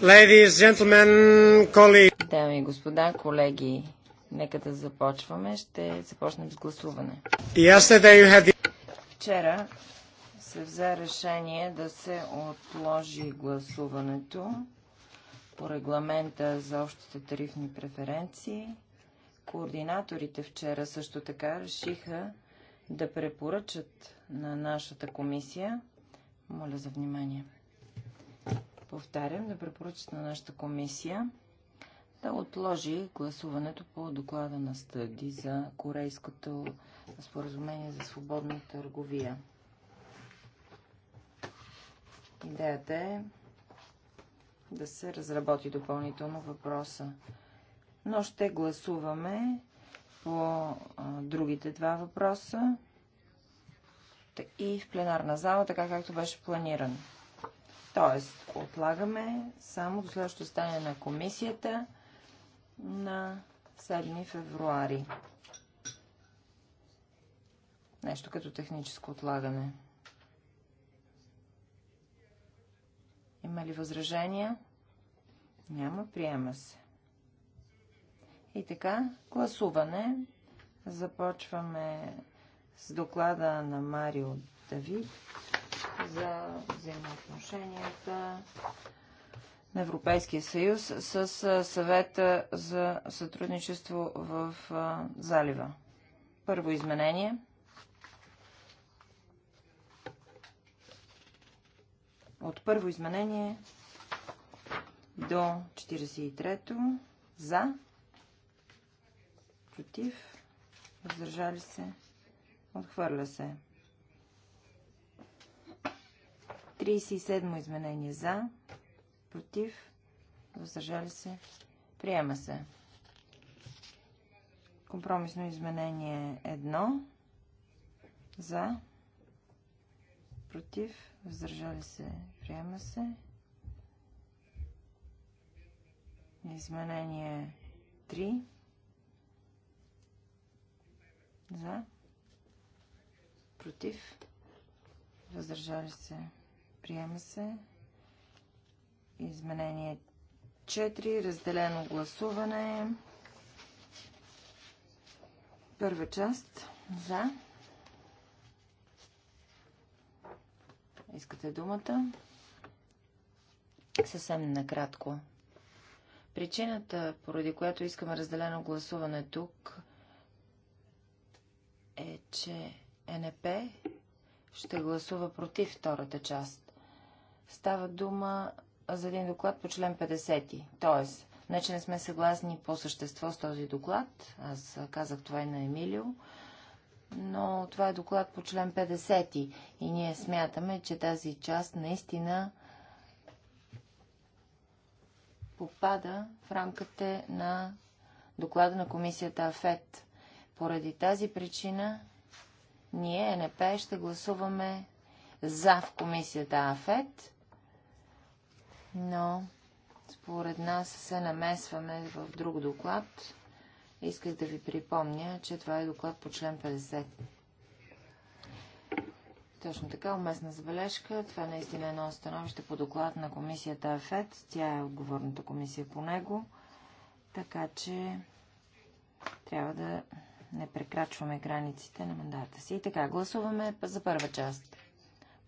Ladies, gentlemen, colleagues. Дами и господа, колеги, нека да започваме. Ще започнем с гласуване. Вчера се взе решение да се отложи гласуването по регламента за общите тарифни преференции Координаторите вчера също така решиха да препоръчат на нашата комисия. Моля за внимание. Повтарям, да препоръчат на нашата комисия да отложи гласуването по доклада на стъди за Корейското споразумение за свободна търговия. Идеята е да се разработи допълнително въпроса но ще гласуваме по другите два въпроса и в пленарна зала, така както беше планиран. Тоест, отлагаме само до следващото стане на комисията на 7 февруари. Нещо като техническо отлагане. Има ли възражения? Няма, приема се. И така, гласуване. Започваме с доклада на Марио Давид за взаимоотношенията на Европейския съюз с съвета за сътрудничество в залива. Първо изменение. От първо изменение до 43-то за против, въздържали се, отхвърля се. 37 изменение за, против, въздържали се, приема се. Компромисно изменение 1 за, против, въздържали се, приема се. Изменение 3 за. Против. Въздържали се. Приема се. Изменение 4. Разделено гласуване. Първа част. За. Искате думата? Съвсем накратко. Причината, поради която искаме разделено гласуване тук, е, че НП ще гласува против втората част. Става дума за един доклад по член 50. Тоест, не, значи че не сме съгласни по същество с този доклад. Аз казах това и на Емилио. Но това е доклад по член 50 и ние смятаме, че тази част наистина попада в рамките на доклада на комисията АФЕТ. Поради тази причина ние, НП, ще гласуваме за в комисията АФЕТ, но според нас се намесваме в друг доклад. Исках да ви припомня, че това е доклад по член 50. Точно така, уместна забележка. Това наистина е едно становище по доклад на комисията АФЕТ. Тя е отговорната комисия по него. Така че трябва да не прекрачваме границите на мандата си. И така, гласуваме за първа част.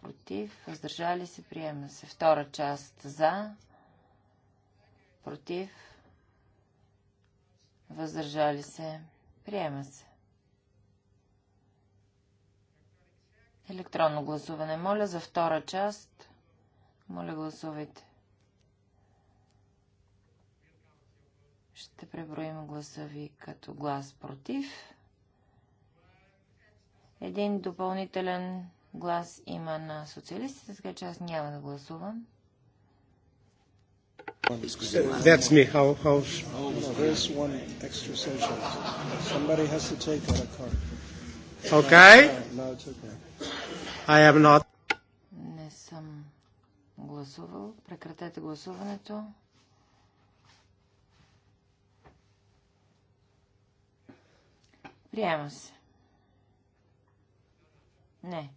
Против, въздържали се, приема се. Втора част за, против, въздържали се, приема се. Електронно гласуване. Моля за втора част. Моля гласувайте. Ще преброим гласа ви като глас против. Един допълнителен глас има на социалистите, така че аз няма да гласувам. That's me. How, how... Oh, There's one extra session. Somebody has to take out a card. Okay? No, it's okay. I have not. Не съм гласувал. Прекратете гласуването. Приема се. Не.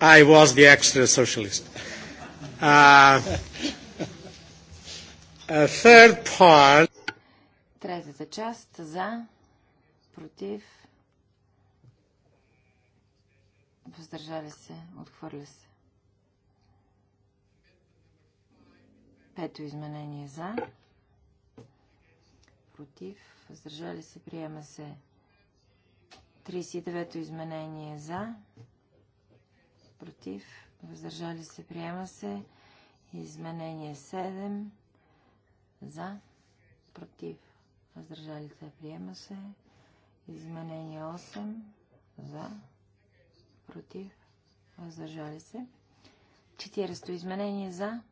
I was the extra socialist. Uh, a third part. Третата част за, против, въздържали се, отхвърля се. Пето изменение за. Против. Въздържали се. Приема се. 39-то изменение за. Против. Въздържали се. Приема се. Изменение 7 за. Против. Въздържали се. Приема се. Изменение 8 за. Против. Въздържали се. 40-то изменение за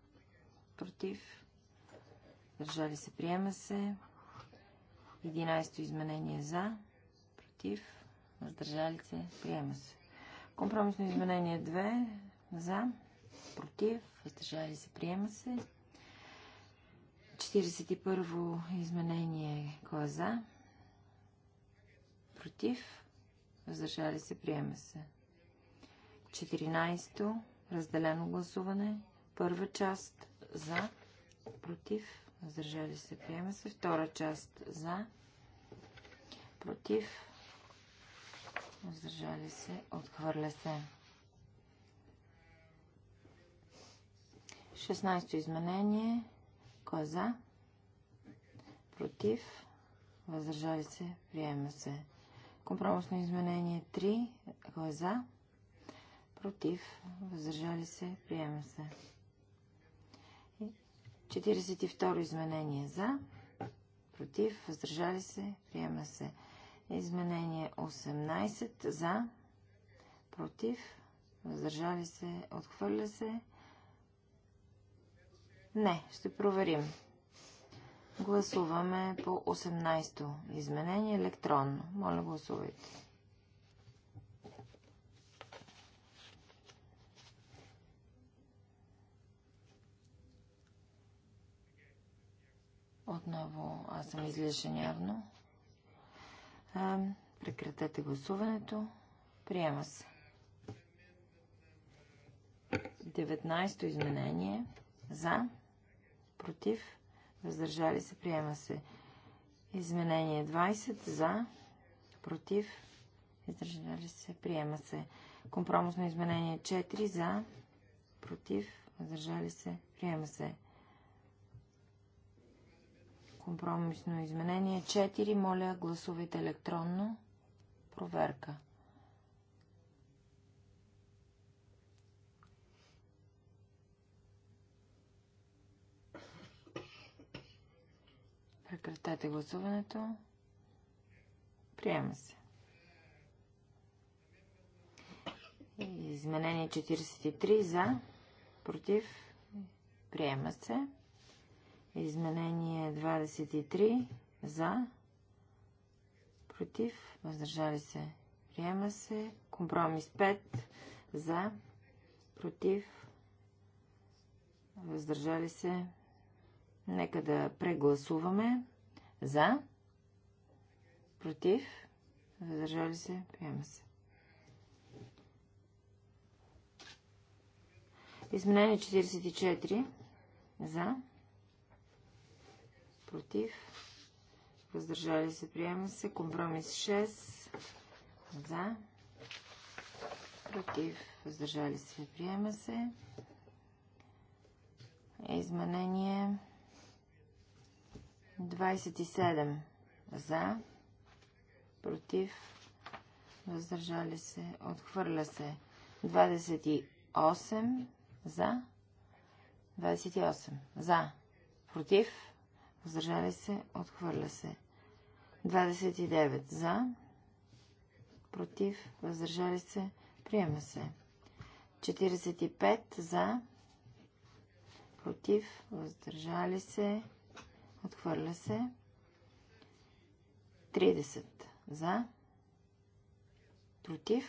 против, Държали се, приема се. 11 изменение за, против, въздържали се, приема се. Компромисно изменение 2 за, против, въздържали се, приема се. 41 во изменение кое е за, против, въздържали се, приема се. 14 разделено гласуване, първа част за, против, въздържали се, приема се. Втора част за, против, въздържали се, отхвърля се. 16-то изменение. Кой е за? Против. Въздържали се. Приема се. Компромисно изменение 3. Кой е за? Против. Въздържали се. Приема се. 42 изменение за, против, въздържали се, приема се. Изменение 18 за, против, въздържали се, отхвърля се. Не, ще проверим. Гласуваме по 18-то изменение електронно. Моля, гласувайте. Отново аз съм излишен явно. А, прекратете гласуването. Приема се. 19-то изменение. За. Против. Въздържали се. Приема се. Изменение 20. За. Против. Въздържали се. Приема се. Компромисно изменение 4. За. Против. Въздържали се. Приема се. Компромисно изменение 4. Моля, гласувайте електронно. Проверка. Прекратете гласуването. Приема се. Изменение 43 за, против, приема се. Изменение 23 за, против, въздържали се, приема се. Компромис 5 за, против, въздържали се. Нека да прегласуваме. За, против, въздържали се, приема се. Изменение 44 за, против, въздържали се, приема се. Компромис 6 за, против, въздържали се, приема се. Е, изменение 27 за, против, въздържали се, отхвърля се. 28 за, 28 за, против, Въздържали се. Отхвърля се. 29 за. Против. Въздържали се. Приема се. 45 за. Против. Въздържали се. Отхвърля се. 30 за. Против.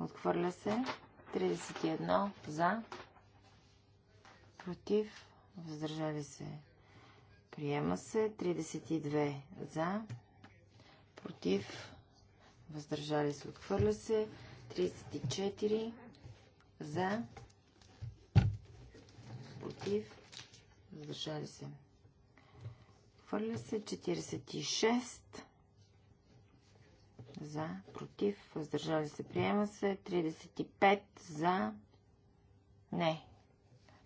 Отхвърля се. 31 за. Против. Въздържали се. Приема се 32 за, против, въздържали се, отхвърля се 34 за, против, въздържали се. Хвърля се 46 за, против, въздържали се, приема се 35 за, не,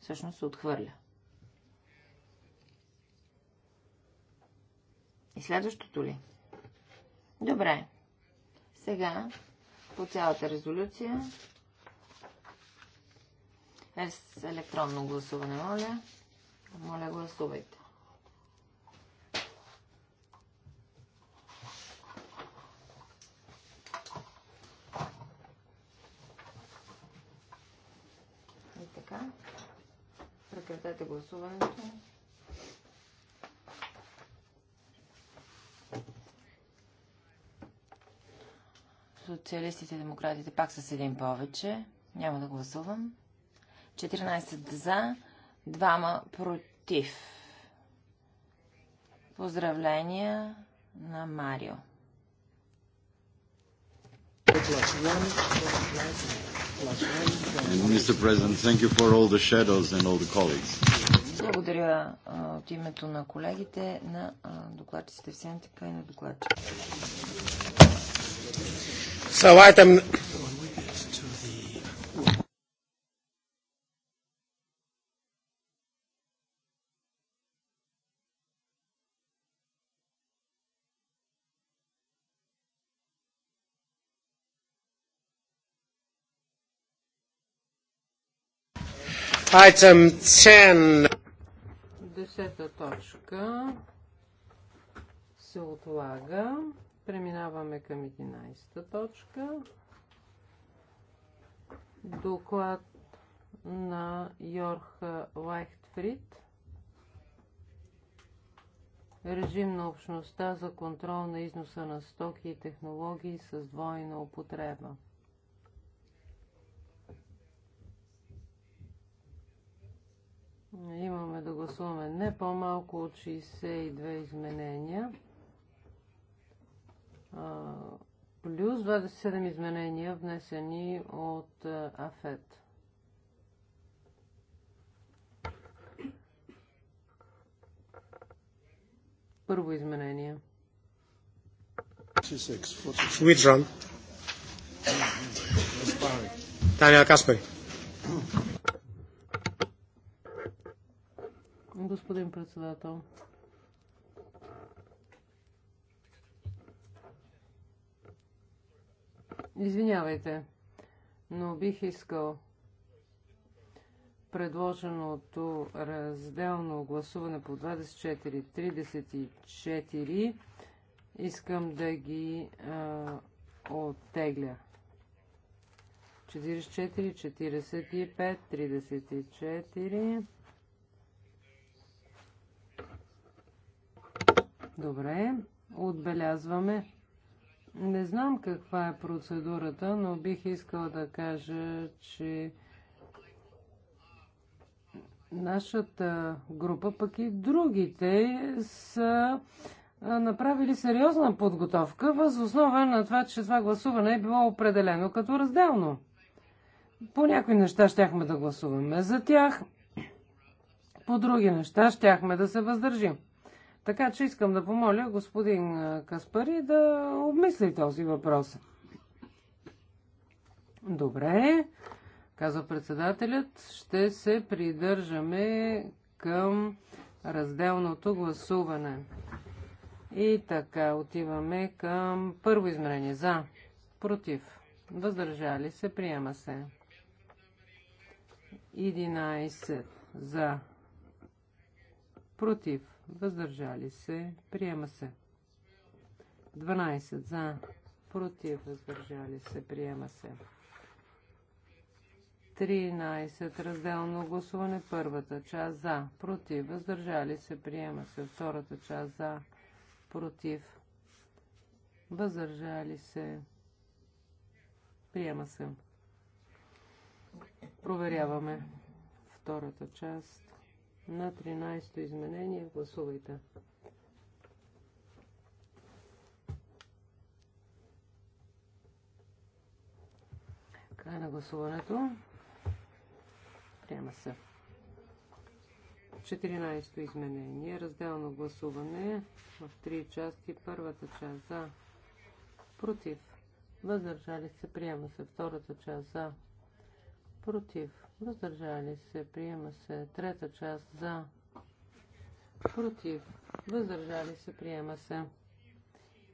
всъщност се отхвърля. И следващото ли? Добре. Сега по цялата резолюция е с електронно гласуване, моля. Моля, гласувайте. И така. Прекратете гласуването. Социалистите и демократите пак с един повече. Няма да гласувам. 14 за, 2 против. Поздравления на Марио. Благодаря от името на колегите, на докладчиците в Сентика и на докладчиците. So item Item 10. Десета точка се отлага. Преминаваме към 11-та точка. Доклад на Йорх Лайхтфрид. Режим на общността за контрол на износа на стоки и технологии с двойна употреба. Имаме да гласуваме не по-малко от 62 изменения плюс 27 изменения, внесени от АФЕТ. Първо изменение. Withdrawn. Таня Каспер. Господин председател. Извинявайте, но бих искал предложеното разделно гласуване по 24-34 искам да ги а, оттегля. 44, 45, 34. Добре, отбелязваме. Не знам каква е процедурата, но бих искала да кажа, че нашата група, пък и другите са направили сериозна подготовка въз основа на това, че това гласуване е било определено като разделно. По някои неща щяхме да гласуваме за тях, по други неща щяхме да се въздържим. Така че искам да помоля господин Каспари да обмисли този въпрос. Добре, казва председателят, ще се придържаме към разделното гласуване. И така, отиваме към първо измерение. За, против, въздържали се, приема се. 11 за, против, въздържали се, приема се. 12 за, против, въздържали се, приема се. 13. Разделно гласуване. Първата част за. Против. Въздържали се. Приема се. Втората част за. Против. Въздържали се. Приема се. Проверяваме втората част на 13-то изменение. Гласувайте. Край на гласуването. Приема се. 14-то изменение. Разделно гласуване в 3 части. Първата част за, против, въздържали се, приема се. Втората част за, против, въздържали се, приема се. Трета част за, против, въздържали се, приема се.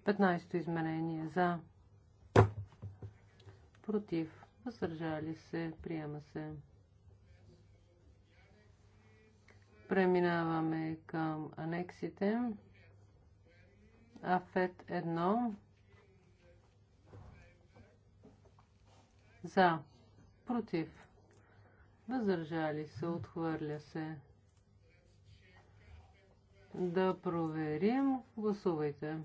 15 изменение за, против, въздържали се, приема се. Преминаваме към анексите. Афет 1. За. Против. Въздържали се, отхвърля се. Да проверим. Гласувайте.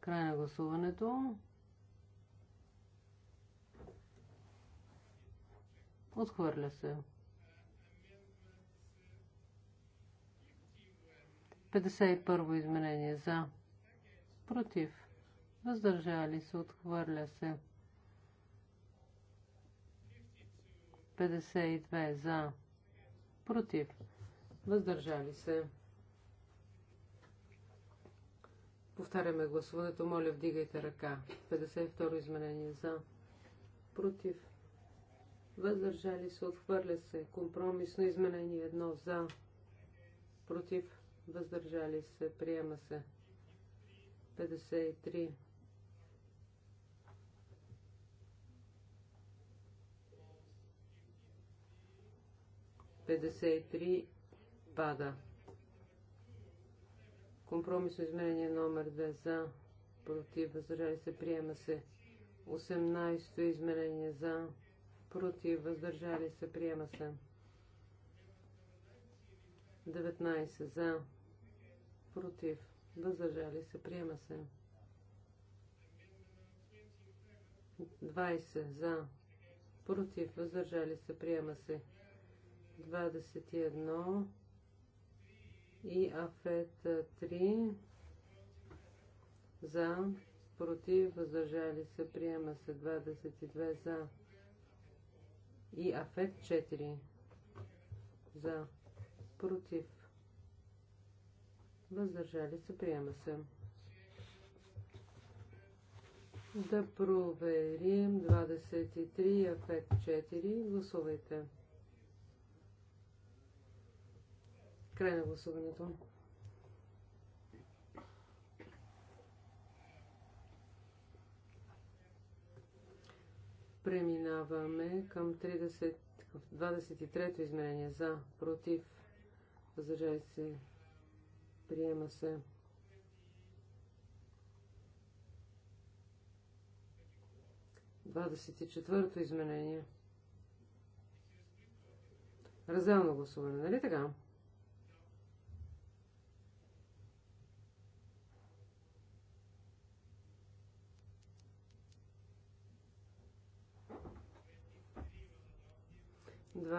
Край на гласуването. Отхвърля се. 51 изменение за. Против. Въздържали се. Отхвърля се. 52 за, против, въздържали се. Повтаряме гласуването. Моля, вдигайте ръка. 52 изменение за, против, въздържали се, отхвърля се. Компромисно изменение 1 за, против, въздържали се, приема се. 53 53 пада. Компромисно изменение номер 2 за, против, въздържали се, приема се. 18 изменение за, против, въздържали се, приема се. 19 за, против, въздържали се, приема се. 20 за, против, въздържали се, приема се. 21 и Афет 3 за, против, въздържали се, приема се 22 за и Афет 4 за, против, въздържали се, приема се. Да проверим 23 Афет 4. Гласувайте. Край на гласуването. Преминаваме към 23-то измерение. За, против, въздържай се, приема се. Двадесет и четвърто изменение. Разделно гласуване, нали така?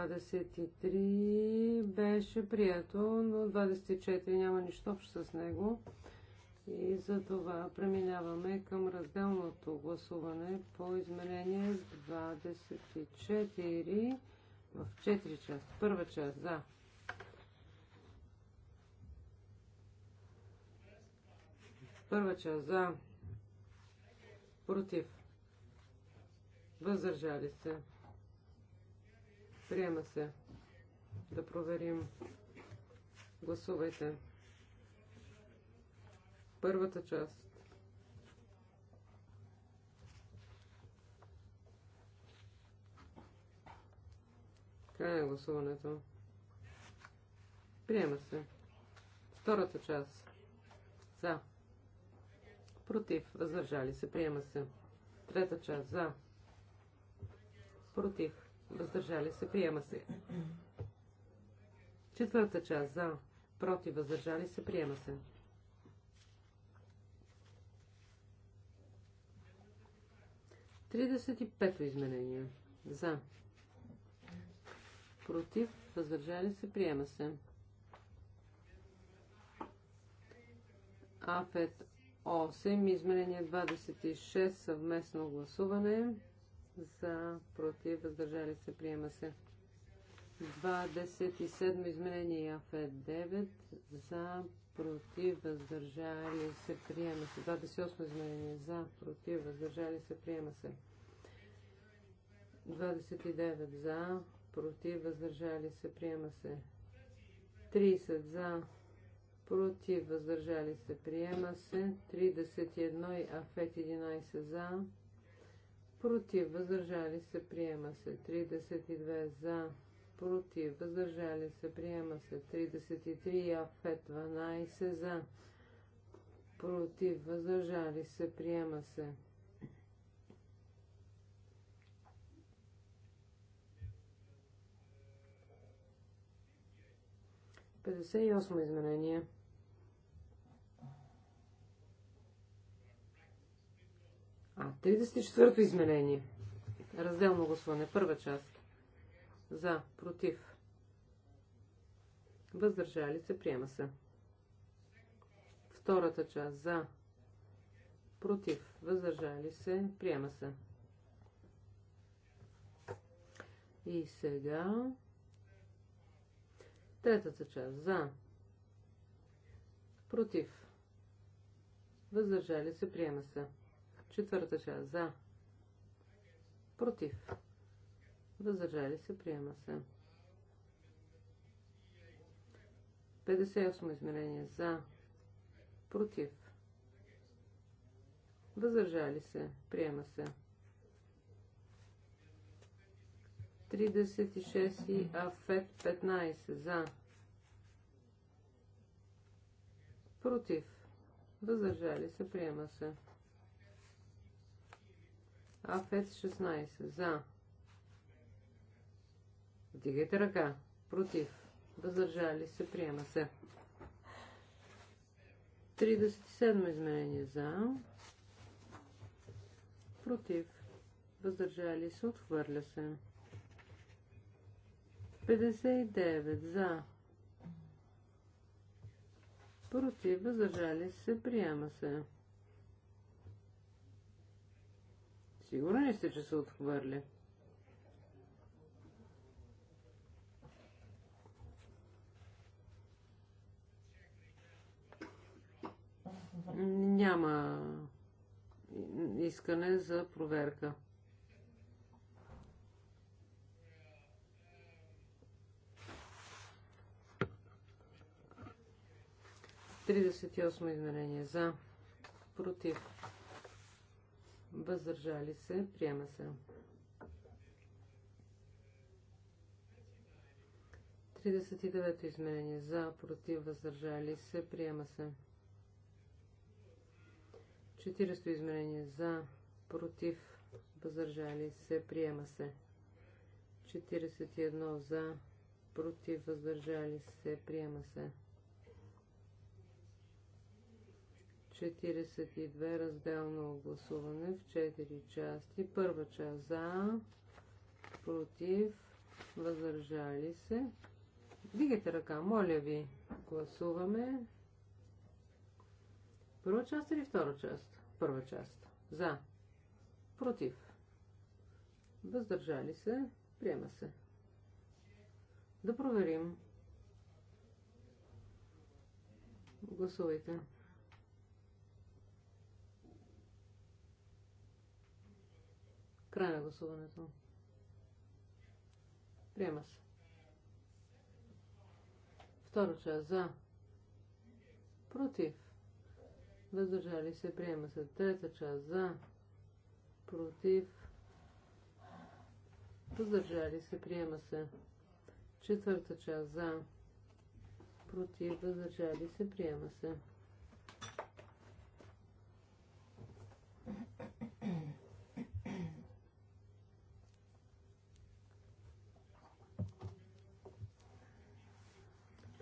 23 беше прието, но 24 няма нищо общо с него. И за това преминаваме към разделното гласуване по изменение 24 в 4 часа. Първа част за. Първа част за. Против. Въздържали се. Приема се. Да проверим. Гласувайте. Първата част. Край на гласуването. Приема се. Втората част. За. Против. Въздържали се. Приема се. Трета част. За. Против въздържали се, приема се. Четвърта част за, против, въздържали се, приема се. Тридесет и пето изменение. За. Против, въздържали се, приема се. Афет 8, изменение 26, съвместно гласуване за, против, въздържали се, приема се. 27 изменения АФЕ 9 за, против, въздържали се, приема се. 28 изменения за, против, въздържали се, приема се. 29 за, против, въздържали се, приема се. 30 за, против, въздържали се, приема се. 31 и АФЕТ 11 за, против, въздържали се, приема се 32 за, против, въздържали се, приема се 33, а 5, 12 за, против, въздържали се, приема се. Петдесет и осмо изменение. А, 34-то изменение. Разделно гласуване. Първа част. За, против. Въздържали се, приема се. Втората част. За, против. Въздържали се, приема се. И сега. Третата част. За, против. Въздържали се, приема се. Четвърта част. За. Против. Въздържали се. Приема се. 58 измерение. За. Против. Въздържали се. Приема се. 36 и Афет 15. За. Против. Въздържали се. Приема се. Афет 16. За. Вдигайте ръка. Против. Въздържали се. Приема се. 37 изменение за. Против. Въздържали се. Отхвърля се. 59 за. Против. Въздържали се. Приема се. Сигурен ли сте, че се отхвърля? Няма искане за проверка. Тридесет и осмо изменение за против въздържали се, приема се. 39 изменение за, против, въздържали се, приема се. 40 изменение за, против, въздържали се, приема се. 41 за, против, въздържали се, приема се. 42 разделно гласуване в 4 части. Първа част за, против, въздържали се. Дигайте ръка, моля ви. Гласуваме. Първа част или втора част? Първа част. За. Против. Въздържали се. Приема се. Да проверим. Гласувайте. Край на гласуването. Приема се. Втора част за. Против. Въздържали се. Приема се. Трета част за. Против. Въздържали се. Приема се. Четвърта част за. Против. Въздържали се. Приема се.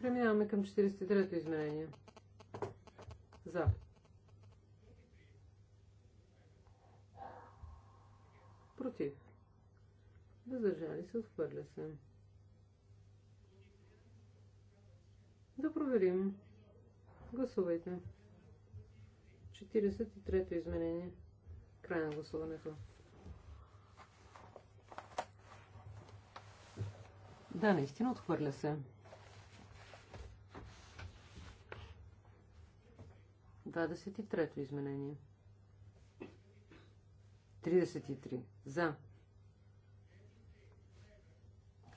Преминаваме към 43-то изменение. За. Против. Въздържали се, отхвърля се. Да проверим. Гласувайте. 43-то изменение. Край на гласуването. Да, наистина отхвърля се. 23-то изменение. 33. За.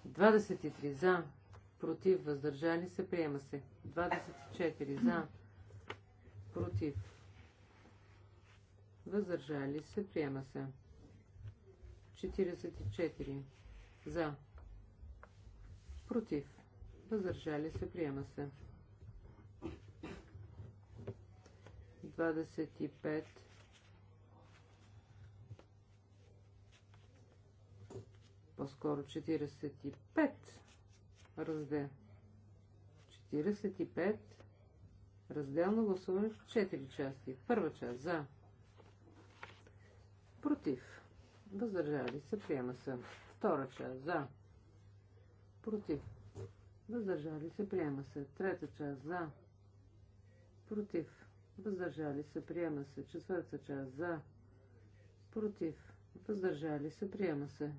23. За. Против. Въздържали се. Приема се. 24. За. Против. Въздържали се. Приема се. 44. За. Против. Въздържали се. Приема се. 25. По-скоро 45 раздел. 45 разделно гласуване в 4 части. Първа част за. Против. Въздържали се. Приема се. Втора част за. Против. Въздържали се. Приема се. Трета част за. Против въздържали се, приема се. Четвърта част за, против, въздържали се, приема се.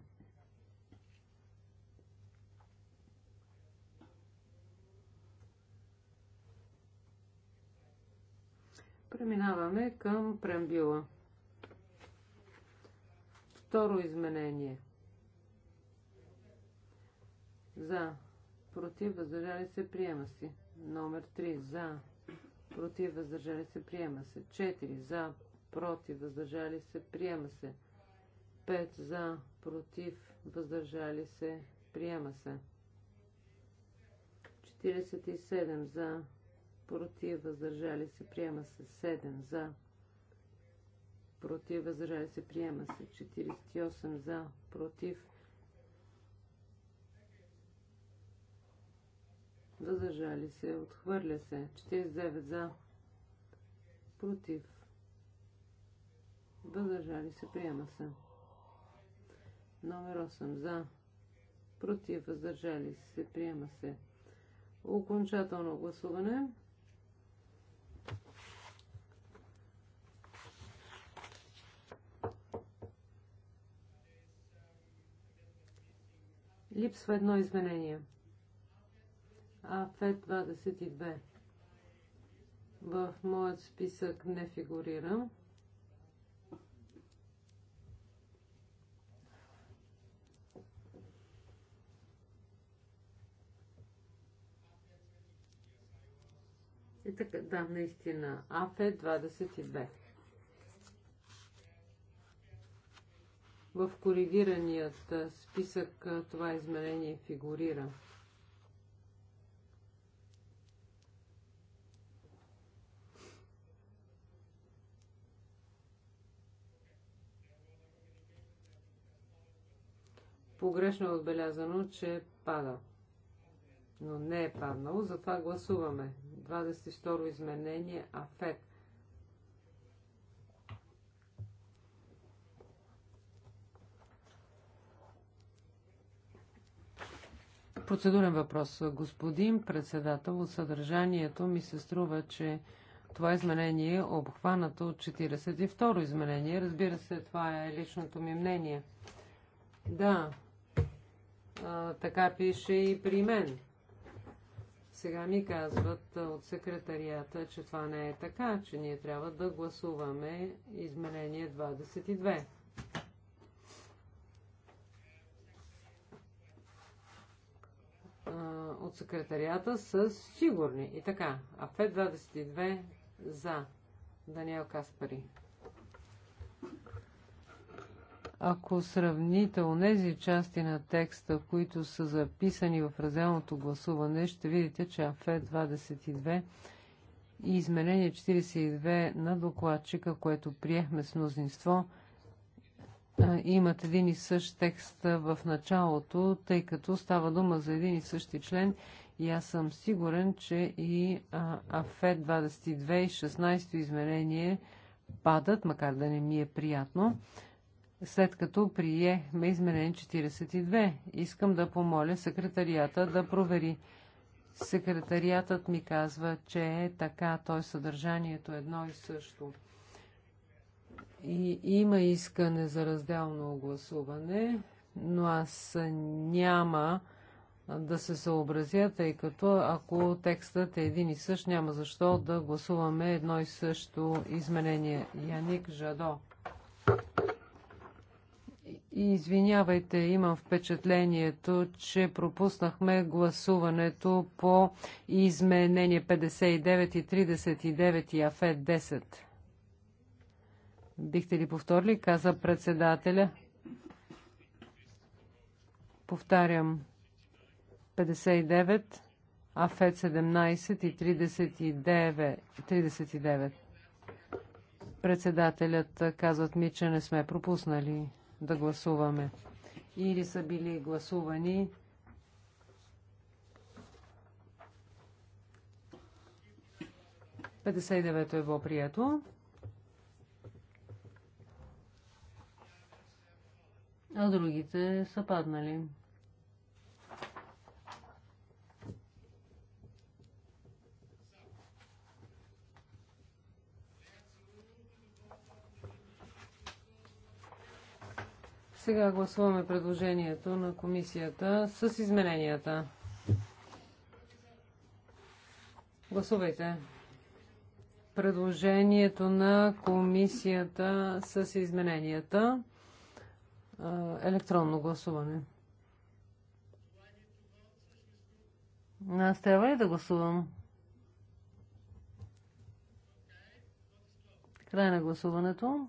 Преминаваме към прембила. Второ изменение. За, против, въздържали се, приема си. Номер 3. За, против, въздържали се, приема се. 4 за, против, въздържали се, приема се. 5 за, против, въздържали се, приема се. 47 за, против, въздържали се, приема се. 7 за, против, въздържали се, приема се. 48 за, против, Въздържали се. Отхвърля се. 49 за. Против. Въздържали се. Приема се. Номер 8 за. Против. Въздържали се. Приема се. Окончателно гласуване. Липсва едно изменение. АФЕД 22. В моят списък не фигурира. И така, да, наистина. АФЕ 22. В коригираният списък това измерение фигурира. Погрешно е отбелязано, че е пада. Но не е паднало, затова гласуваме. 22 изменение АФЕТ. Процедурен въпрос. Господин председател, от съдържанието ми се струва, че това изменение е обхванато от 42-ро изменение. Разбира се, това е личното ми мнение. Да, а, така пише и при мен. Сега ми казват от секретарията, че това не е така, че ние трябва да гласуваме изменение 22. от секретарията са сигурни. И така, АФ 22 за Даниел Каспари. Ако сравните онези части на текста, които са записани в разделното гласуване, ще видите, че АФЕ 22 и изменение 42 на докладчика, което приехме с мнозинство, имат един и същ текст в началото, тъй като става дума за един и същи член и аз съм сигурен, че и АФЕ 22 и 16 изменение падат, макар да не ми е приятно след като приехме изменен 42. Искам да помоля секретарията да провери. Секретариатът ми казва, че е така, той съдържанието е едно и също. И има искане за разделно гласуване, но аз няма да се съобразя, тъй като ако текстът е един и същ, няма защо да гласуваме едно и също изменение. Яник Жадо. Извинявайте, имам впечатлението, че пропуснахме гласуването по изменение 59 и 39 и АФЕ 10. Бихте ли повторили, каза председателя. Повтарям. 59, АФЕД 17 и 39. 39. Председателят казват ми, че не сме пропуснали да гласуваме. Или са били гласувани Петдесет и девето е било прието. А другите са паднали. Сега гласуваме предложението на комисията с измененията. Гласувайте. Предложението на комисията с измененията. Електронно гласуване. Аз трябва ли да гласувам? Край на гласуването.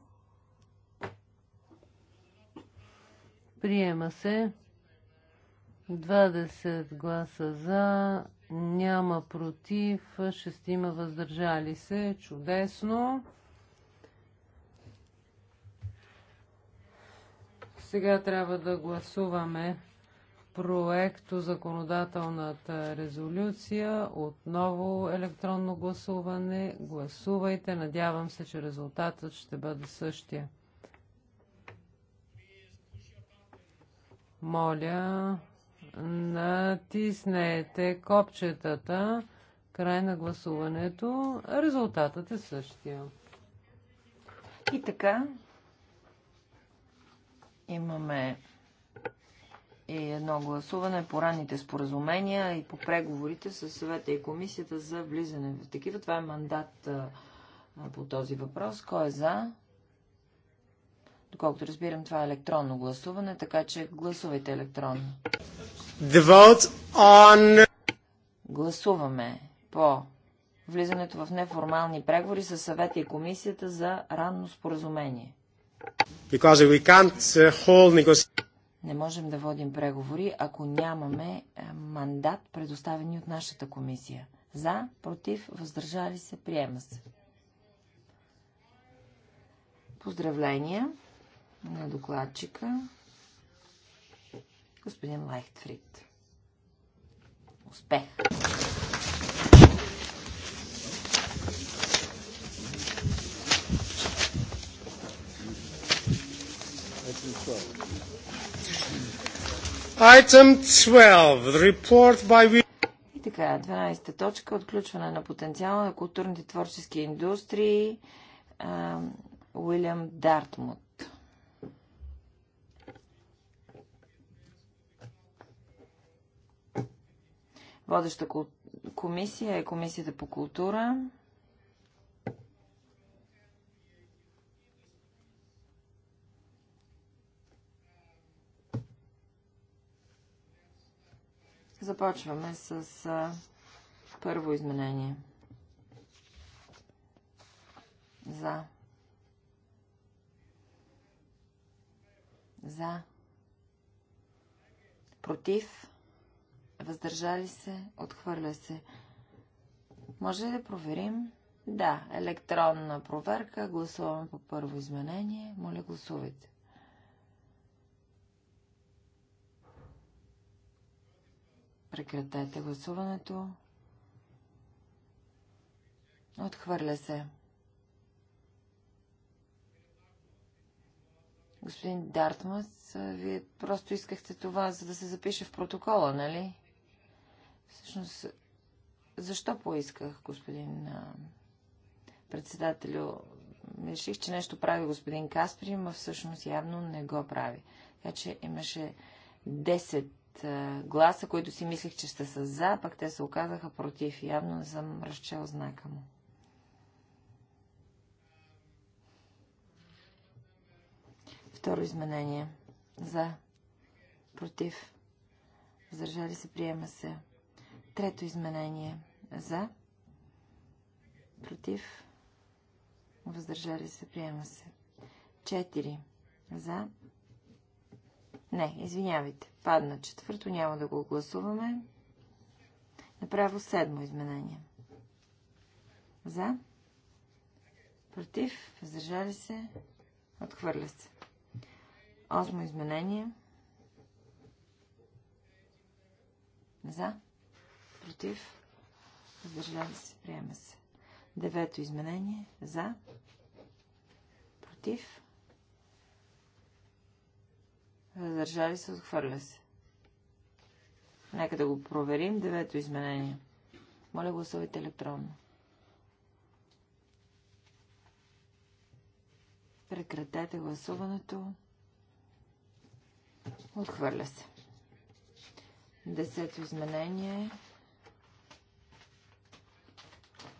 Приема се 20 гласа за, няма против, 6 има въздържали се. Чудесно. Сега трябва да гласуваме проекто законодателната резолюция. Отново електронно гласуване. Гласувайте. Надявам се, че резултатът ще бъде същия. Моля, натиснете копчетата. Край на гласуването. Резултатът е същия. И така, имаме и едно гласуване по ранните споразумения и по преговорите с съвета и комисията за влизане в такива. Това е мандат по този въпрос. Кой е за? Доколкото разбирам, това е електронно гласуване, така че гласувайте електронно. The vote on... Гласуваме по влизането в неформални преговори с съвета и комисията за ранно споразумение. Because we can't uh, hold negotiation. Не можем да водим преговори, ако нямаме е, мандат, предоставени от нашата комисия. За, против, въздържали се, приема се. Поздравления! на докладчика господин Лайхтфрид. Успех! Item 12. The report by... И така, 12-та точка. Отключване на потенциала на културните творчески индустрии. Уилям Дартмут. Водеща комисия е Комисията по култура. Започваме с а, първо изменение. За. За. Против. Въздържали се? Отхвърля се. Може ли да проверим? Да, електронна проверка. Гласуваме по първо изменение. Моля, гласувайте. Прекратете гласуването. Отхвърля се. Господин Дартмас, вие просто искахте това, за да се запише в протокола, нали? Всъщност, защо поисках, господин председателю? Реших, че нещо прави господин Каспри, но всъщност явно не го прави. Така че имаше 10 гласа, които си мислих, че ще са за, пък те се оказаха против. Явно не съм разчел знака му. Второ изменение. За. Против. Задържали се, приема се. Трето изменение. За. Против. Въздържали се. Приема се. Четири За. Не, извинявайте. Падна четвърто. Няма да го гласуваме. Направо седмо изменение. За. Против. Въздържали се. Отхвърля се. Осмо изменение. За против, въздържали се, приема се. Девето изменение, за, против, въздържали се, отхвърля се. Нека да го проверим. Девето изменение. Моля, гласувайте електронно. Прекратете гласуването. Отхвърля се. Десето изменение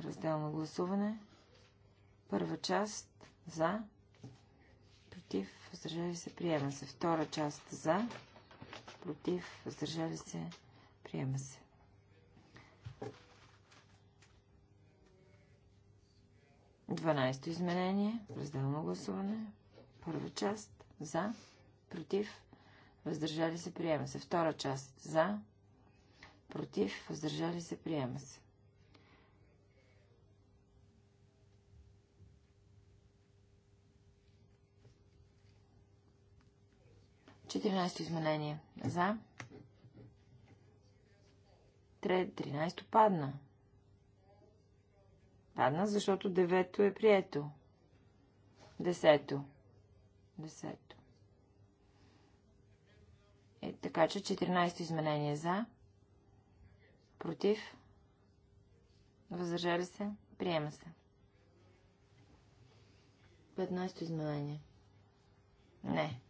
Разделно гласуване. Първа част за. Против. Въздържали се. Приема се. Втора част за. Против. Въздържали се. Приема се. Дванайсто изменение. Разделно гласуване. Първа част за. Против. Въздържали се. Приема се. Втора част за. Против. Въздържали се. Приема се. 14 изменение. За. 13 падна. Падна, защото 9 е прието. 10. 10. Е, така че 14 изменение за. Против. Въздържали се. Приема се. 15 изменение. Не.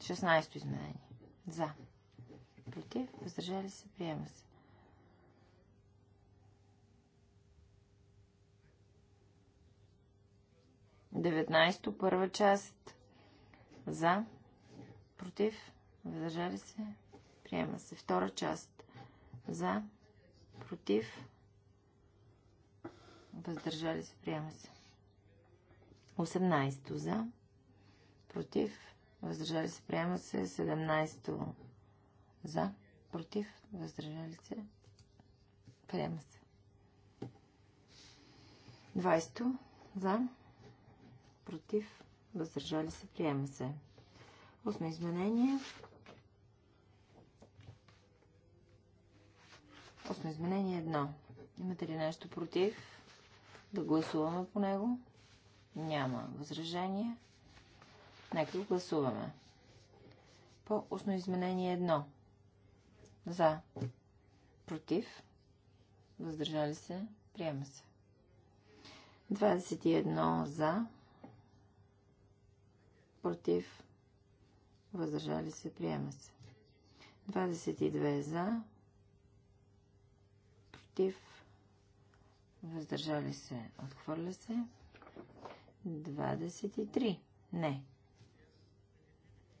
16-то изменение. За. Против. Въздържали се. Приема се. Деветнайсто. Първа част. За. Против. Въздържали се. Приема се. Втора част. За. Против. Въздържали се. Приема се. 18 за. Против въздържали се, приема се. 17 за, против, въздържали се, приема се. 20 за, против, въздържали се, приема се. Осмо изменение. Осмо изменение едно. Имате ли нещо против? Да гласуваме по него. Няма възражение. Нека го гласуваме. По устно изменение 1. За. Против. Въздържали се. Приема се. 21 за. Против. Въздържали се. Приема се. 22 за. Против. Въздържали се. Отхвърля се. 23. Не.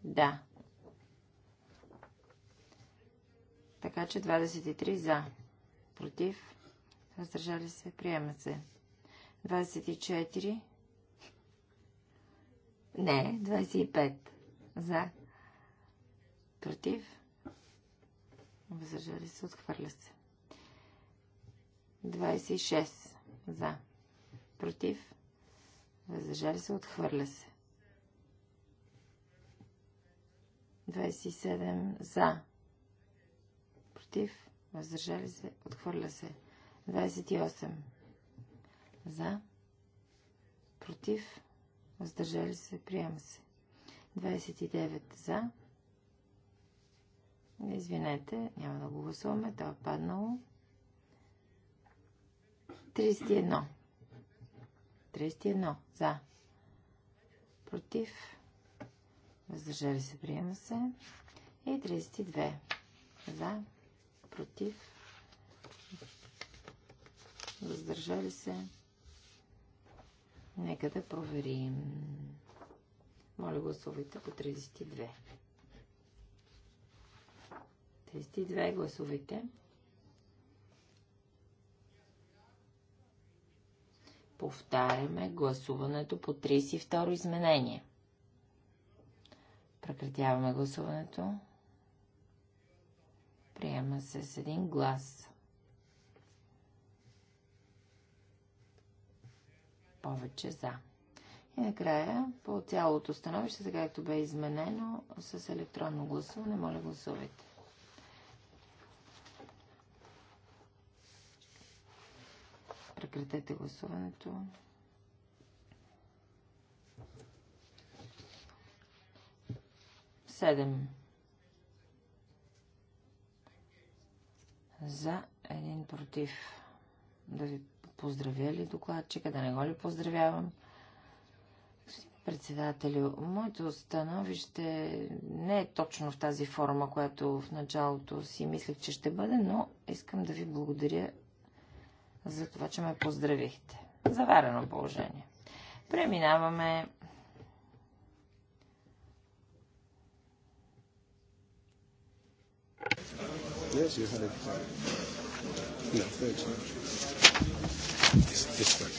Да. Така че 23 за. Против. Въздържали се. Приема се. 24. Не, 25. За. Против. Въздържали се. Отхвърля се. 26. За. Против. Въздържали се. Отхвърля се. 27 за. Против. Въздържали се. Отхвърля се. 28 за. Против. Въздържали се. Приема се. 29 за. Извинете, няма да го гласуваме. Това е паднало. 31. 31 за. Против. Въздържали се, приема се. И 32. За. Против. Въздържали се. Нека да проверим. Моля, гласувайте по 32. 32 гласувайте. Повтаряме гласуването по 32 изменение. Прекратяваме гласуването. Приема се с един глас. Повече за. И накрая, по цялото становище, така както бе изменено, с електронно гласуване, моля гласувайте. Прекратете гласуването. 7. За един против. Да ви поздравя ли докладчика, да не го ли поздравявам? Председателю, моето становище не е точно в тази форма, която в началото си мислех, че ще бъде, но искам да ви благодаря за това, че ме поздравихте. Заварено положение. Преминаваме Yes, you had it. No, thanks. This, this one.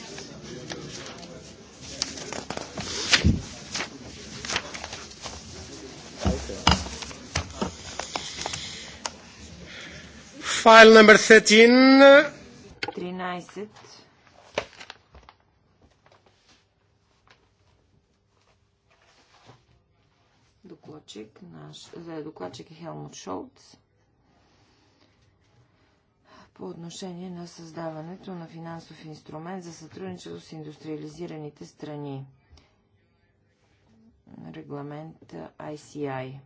Файл номер 13. 13. Докладчик, наш, е, докладчик е Хелмут Шолц по отношение на създаването на финансов инструмент за сътрудничество с индустриализираните страни. Регламент ICI.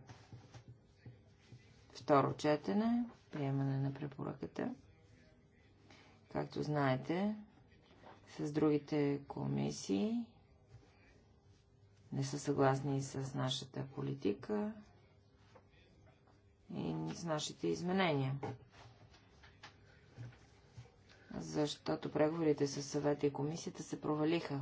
Второ четене, приемане на препоръката. Както знаете, с другите комисии не са съгласни с нашата политика и с нашите изменения защото преговорите с съвета и комисията се провалиха.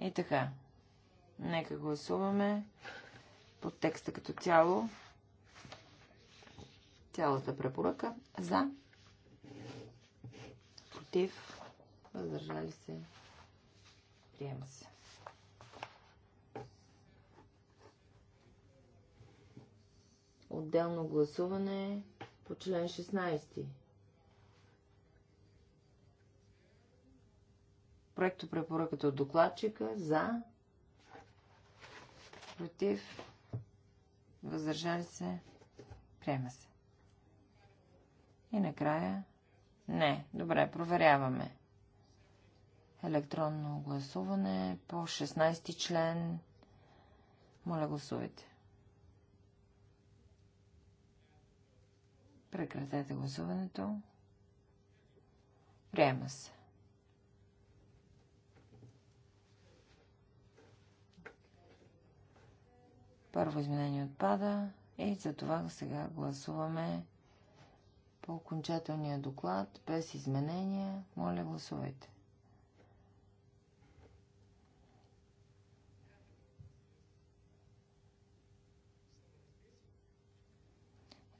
И така, нека гласуваме по текста като цяло, цялата препоръка за, против, въздържали се, приема се. Отделно гласуване по член 16. Проекто препоръката от докладчика за, против, въздържали се, приема се. И накрая... Не, добре, проверяваме. Електронно гласуване по 16 член. Моля, гласувайте. Прекратете гласуването. Приема се. Първо изменение отпада и за това сега гласуваме по окончателния доклад без изменения. Моля, гласувайте.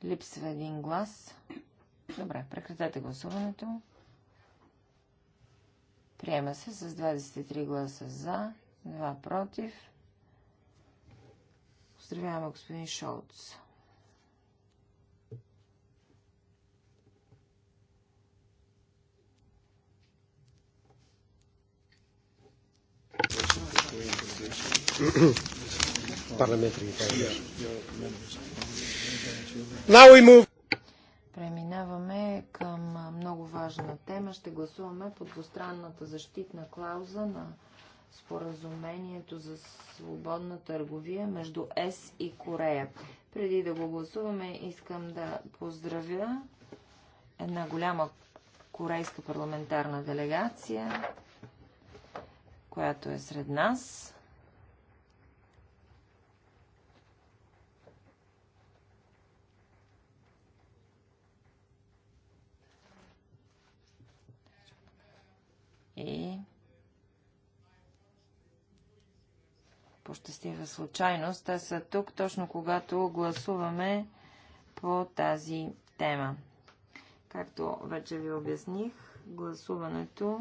Липсва един глас. Добре, прекратете гласуването. Приема се с 23 гласа за, 2 против. Поздравяваме господин Шолц. Парламентарните. Преминаваме към много важна тема. Ще гласуваме по двустранната защитна клауза на споразумението за свободна търговия между ЕС и Корея. Преди да го гласуваме, искам да поздравя една голяма корейска парламентарна делегация, която е сред нас. И по щастлива случайност, те са тук точно когато гласуваме по тази тема. Както вече ви обясних, гласуването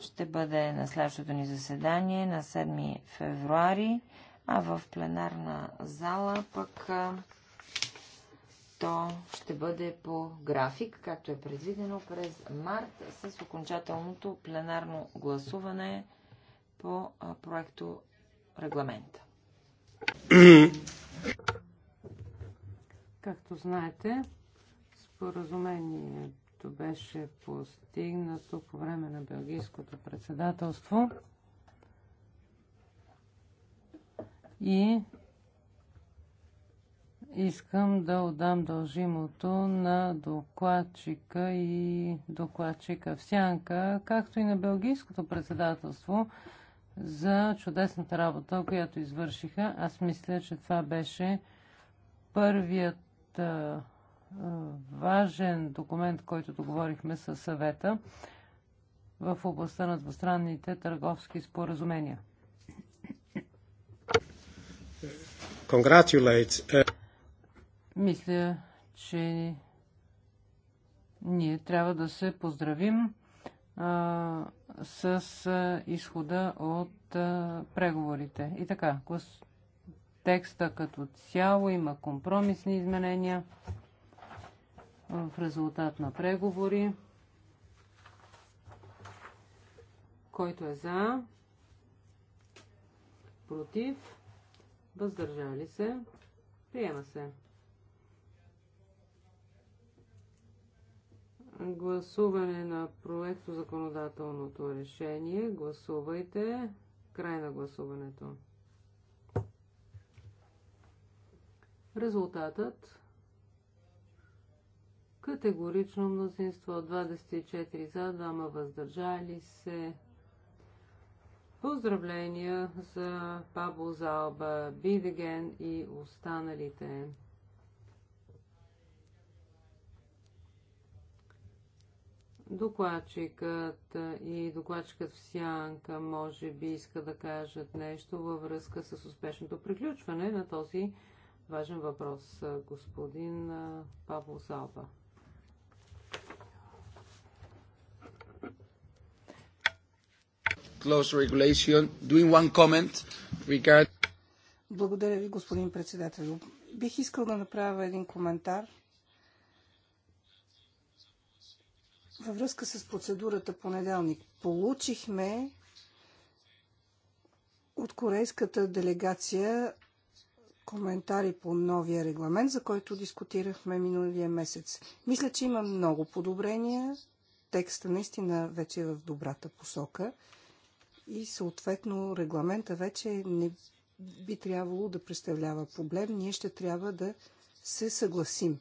ще бъде на следващото ни заседание на 7 февруари, а в пленарна зала пък то ще бъде по график, както е предвидено през март с окончателното пленарно гласуване по проекто регламента. Както знаете, споразумението беше постигнато по време на Белгийското председателство и Искам да отдам дължимото на докладчика и докладчика в сянка, както и на Белгийското председателство за чудесната работа, която извършиха. Аз мисля, че това беше първият а, важен документ, който договорихме със съвета в областта на двустранните търговски споразумения. Congratulate мисля, че ние трябва да се поздравим а, с а, изхода от а, преговорите. И така, клас... текста като цяло има компромисни изменения в резултат на преговори. Който е за, против, въздържали се, приема се. гласуване на проекто законодателното решение. Гласувайте. Край на гласуването. Резултатът категорично мнозинство 24 за, дама въздържали се. Поздравления за Пабло Залба, Бидеген и останалите. Докладчикът и докладчикът в сянка може би иска да кажат нещо във връзка с успешното приключване на този важен въпрос. Господин Павло Салба. Close regulation. Doing one comment regard... Благодаря ви, господин председател. Бих искал да направя един коментар – Във връзка с процедурата понеделник получихме от корейската делегация коментари по новия регламент, за който дискутирахме миналия месец. Мисля, че има много подобрения. Текста наистина вече е в добрата посока и съответно регламента вече не би трябвало да представлява проблем. Ние ще трябва да се съгласим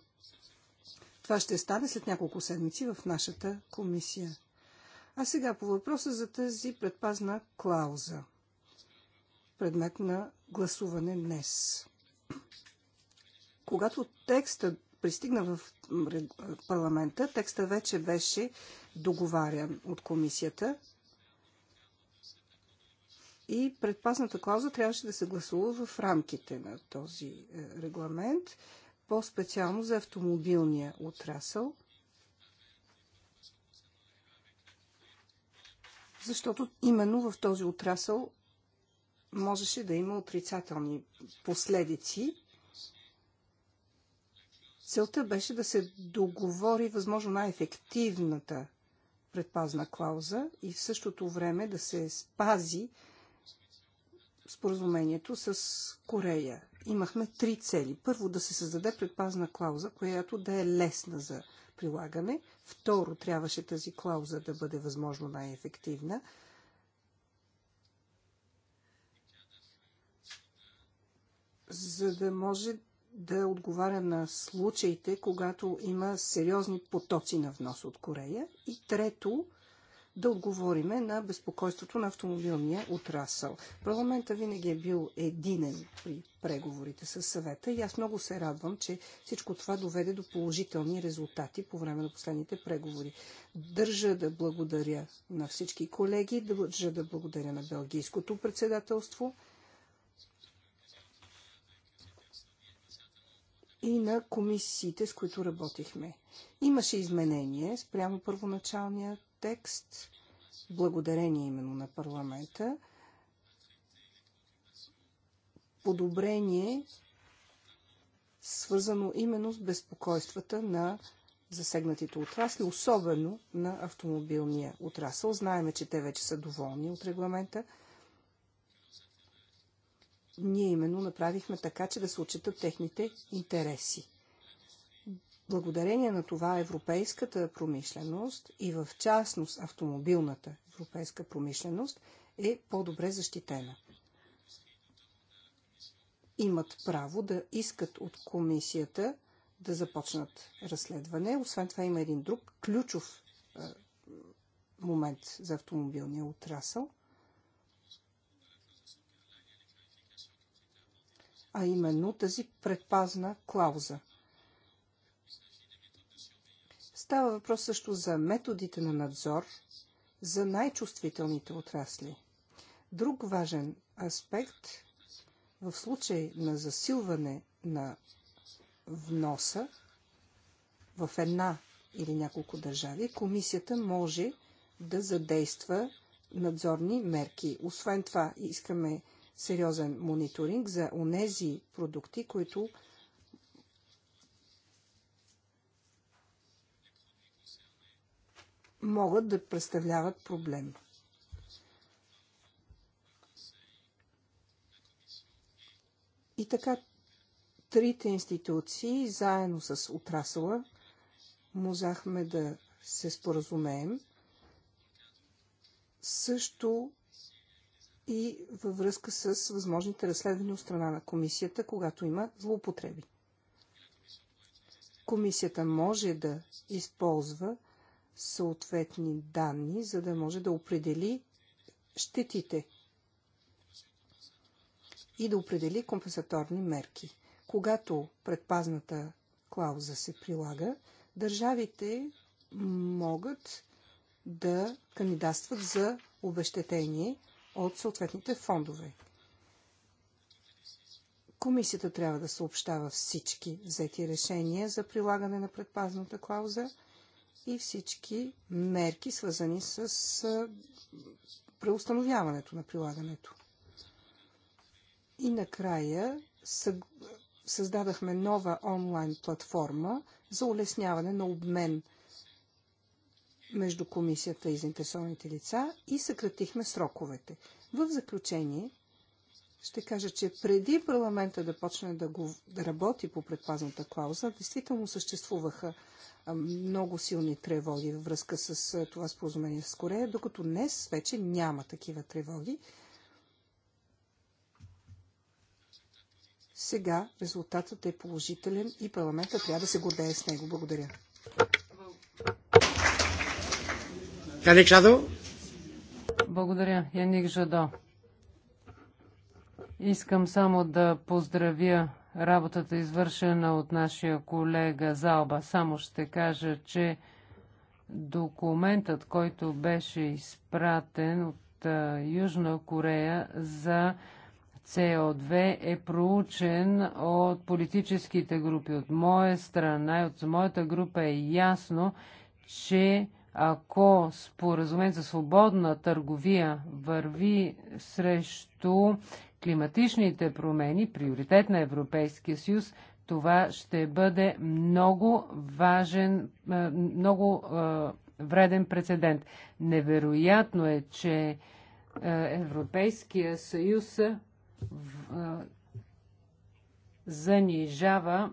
това ще стане след няколко седмици в нашата комисия. А сега по въпроса за тази предпазна клауза. Предмет на гласуване днес. Когато текста пристигна в парламента, текста вече беше договарян от комисията и предпазната клауза трябваше да се гласува в рамките на този е, регламент по-специално за автомобилния отрасъл, защото именно в този отрасъл можеше да има отрицателни последици. Целта беше да се договори възможно най-ефективната предпазна клауза и в същото време да се спази споразумението с Корея имахме три цели. Първо, да се създаде предпазна клауза, която да е лесна за прилагане. Второ, трябваше тази клауза да бъде възможно най-ефективна. За да може да отговаря на случаите, когато има сериозни потоци на внос от Корея. И трето, да отговориме на безпокойството на автомобилния отрасъл. Парламента винаги е бил единен при преговорите с съвета и аз много се радвам, че всичко това доведе до положителни резултати по време на последните преговори. Държа да благодаря на всички колеги, държа да благодаря на Белгийското председателство. и на комисиите, с които работихме. Имаше изменение спрямо първоначалният текст, благодарение именно на парламента, подобрение, свързано именно с безпокойствата на засегнатите отрасли, особено на автомобилния отрасъл. Знаеме, че те вече са доволни от регламента. Ние именно направихме така, че да се отчитат техните интереси. Благодарение на това европейската промишленост и в частност автомобилната европейска промишленост е по-добре защитена. Имат право да искат от комисията да започнат разследване. Освен това има един друг ключов е, момент за автомобилния отрасъл, а именно тази предпазна клауза – Става въпрос също за методите на надзор за най-чувствителните отрасли. Друг важен аспект в случай на засилване на вноса в една или няколко държави, комисията може да задейства надзорни мерки. Освен това, искаме сериозен мониторинг за онези продукти, които могат да представляват проблем. И така, трите институции, заедно с отрасъла, можахме да се споразумеем също и във връзка с възможните разследвания от страна на комисията, когато има злоупотреби. Комисията може да използва съответни данни, за да може да определи щетите и да определи компенсаторни мерки. Когато предпазната клауза се прилага, държавите могат да кандидатстват за обещетение от съответните фондове. Комисията трябва да съобщава всички взети решения за прилагане на предпазната клауза – и всички мерки, свързани с преустановяването на прилагането. И накрая създадахме нова онлайн платформа за улесняване на обмен между комисията и заинтересованите лица и съкратихме сроковете. В заключение, ще кажа, че преди парламента да почне да, го, да работи по предпазната клауза, действително съществуваха много силни тревоги във връзка с това споразумение с Корея, докато днес вече няма такива тревоги. Сега резултатът е положителен и парламента трябва да се гордее с него. Благодаря. Благодаря, Яник Жадо. Искам само да поздравя работата, извършена от нашия колега Залба. Само ще кажа, че документът, който беше изпратен от Южна Корея за CO2 е проучен от политическите групи. От моя страна и от моята група е ясно, че ако споразумение за свободна търговия върви срещу климатичните промени, приоритет на Европейския съюз, това ще бъде много важен, е, много е, вреден прецедент. Невероятно е, че е, Европейския съюз занижава,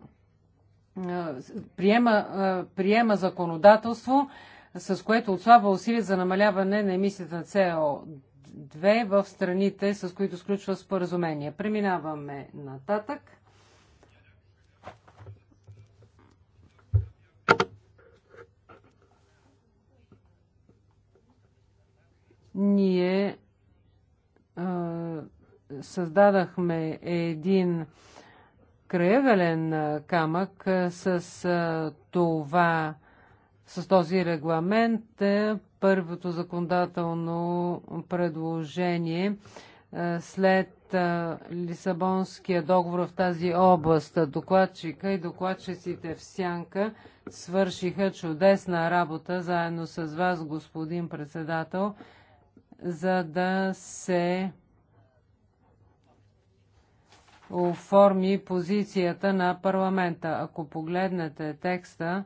приема, приема законодателство, с което отслабва усилия за намаляване на емисията на две в страните, с които сключва споразумение. Преминаваме нататък. Ние а, създадахме един краевелен камък с а, това с този регламент първото законодателно предложение е, след е, Лисабонския договор в тази област. Докладчика и докладчиците в Сянка свършиха чудесна работа заедно с вас, господин председател, за да се оформи позицията на парламента. Ако погледнете текста,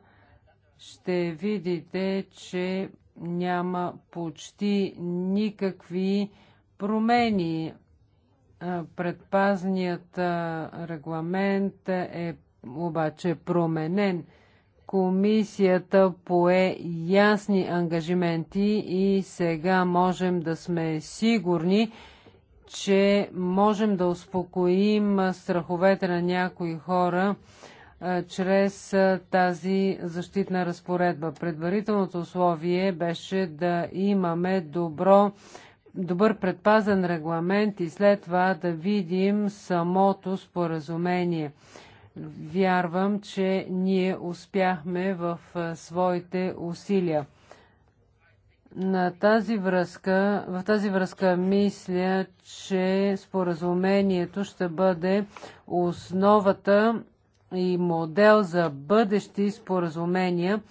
ще видите, че няма почти никакви промени. Предпазният регламент е обаче променен. Комисията пое ясни ангажименти и сега можем да сме сигурни, че можем да успокоим страховете на някои хора чрез тази защитна разпоредба. Предварителното условие беше да имаме добро, добър предпазен регламент и след това да видим самото споразумение. Вярвам, че ние успяхме в своите усилия. На тази връзка, в тази връзка мисля, че споразумението ще бъде основата и модел за бъдещи споразумения,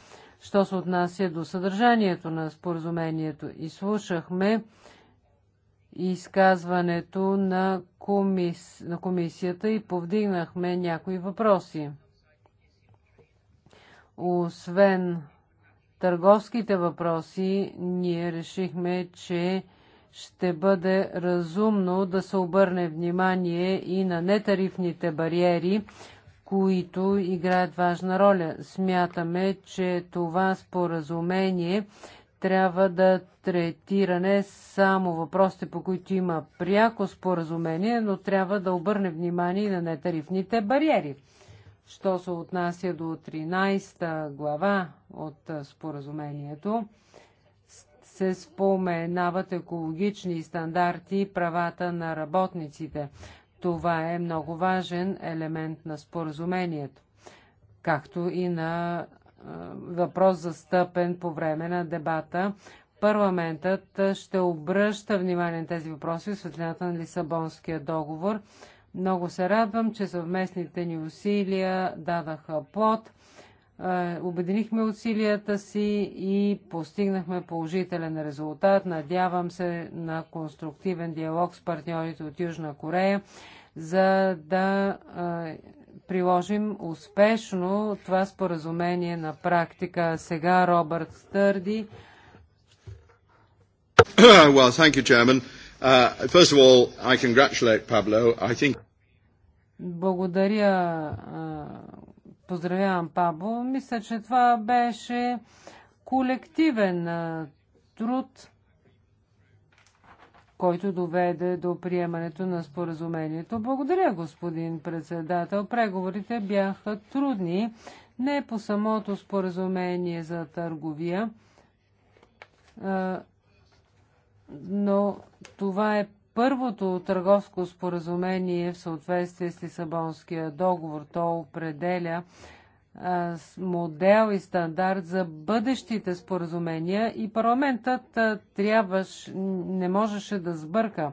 що се отнася до съдържанието на споразумението. И слушахме изказването на, комис... на комисията и повдигнахме някои въпроси. Освен търговските въпроси, ние решихме, че ще бъде разумно да се обърне внимание и на нетарифните бариери, които играят важна роля. Смятаме, че това споразумение трябва да третира не само въпросите, по които има пряко споразумение, но трябва да обърне внимание и на нетарифните бариери. Що се отнася до 13 та глава от споразумението, се споменават екологични стандарти и правата на работниците. Това е много важен елемент на споразумението, както и на въпрос за стъпен по време на дебата. Парламентът ще обръща внимание на тези въпроси в светлината на Лисабонския договор. Много се радвам, че съвместните ни усилия дадаха плод е, обединихме усилията си и постигнахме положителен резултат. Надявам се на конструктивен диалог с партньорите от Южна Корея, за да е, приложим успешно това споразумение на практика. Сега Робърт Стърди. Well, thank you, Chairman. Uh, first of all, I congratulate Pablo. I think... Благодаря, Поздравявам Пабо. Мисля, че това беше колективен труд, който доведе до приемането на споразумението. Благодаря, господин председател. Преговорите бяха трудни. Не по самото споразумение за търговия, но това е първото търговско споразумение в съответствие с Лисабонския договор. То определя модел и стандарт за бъдещите споразумения и парламентът а, трябваш, не можеше да сбърка.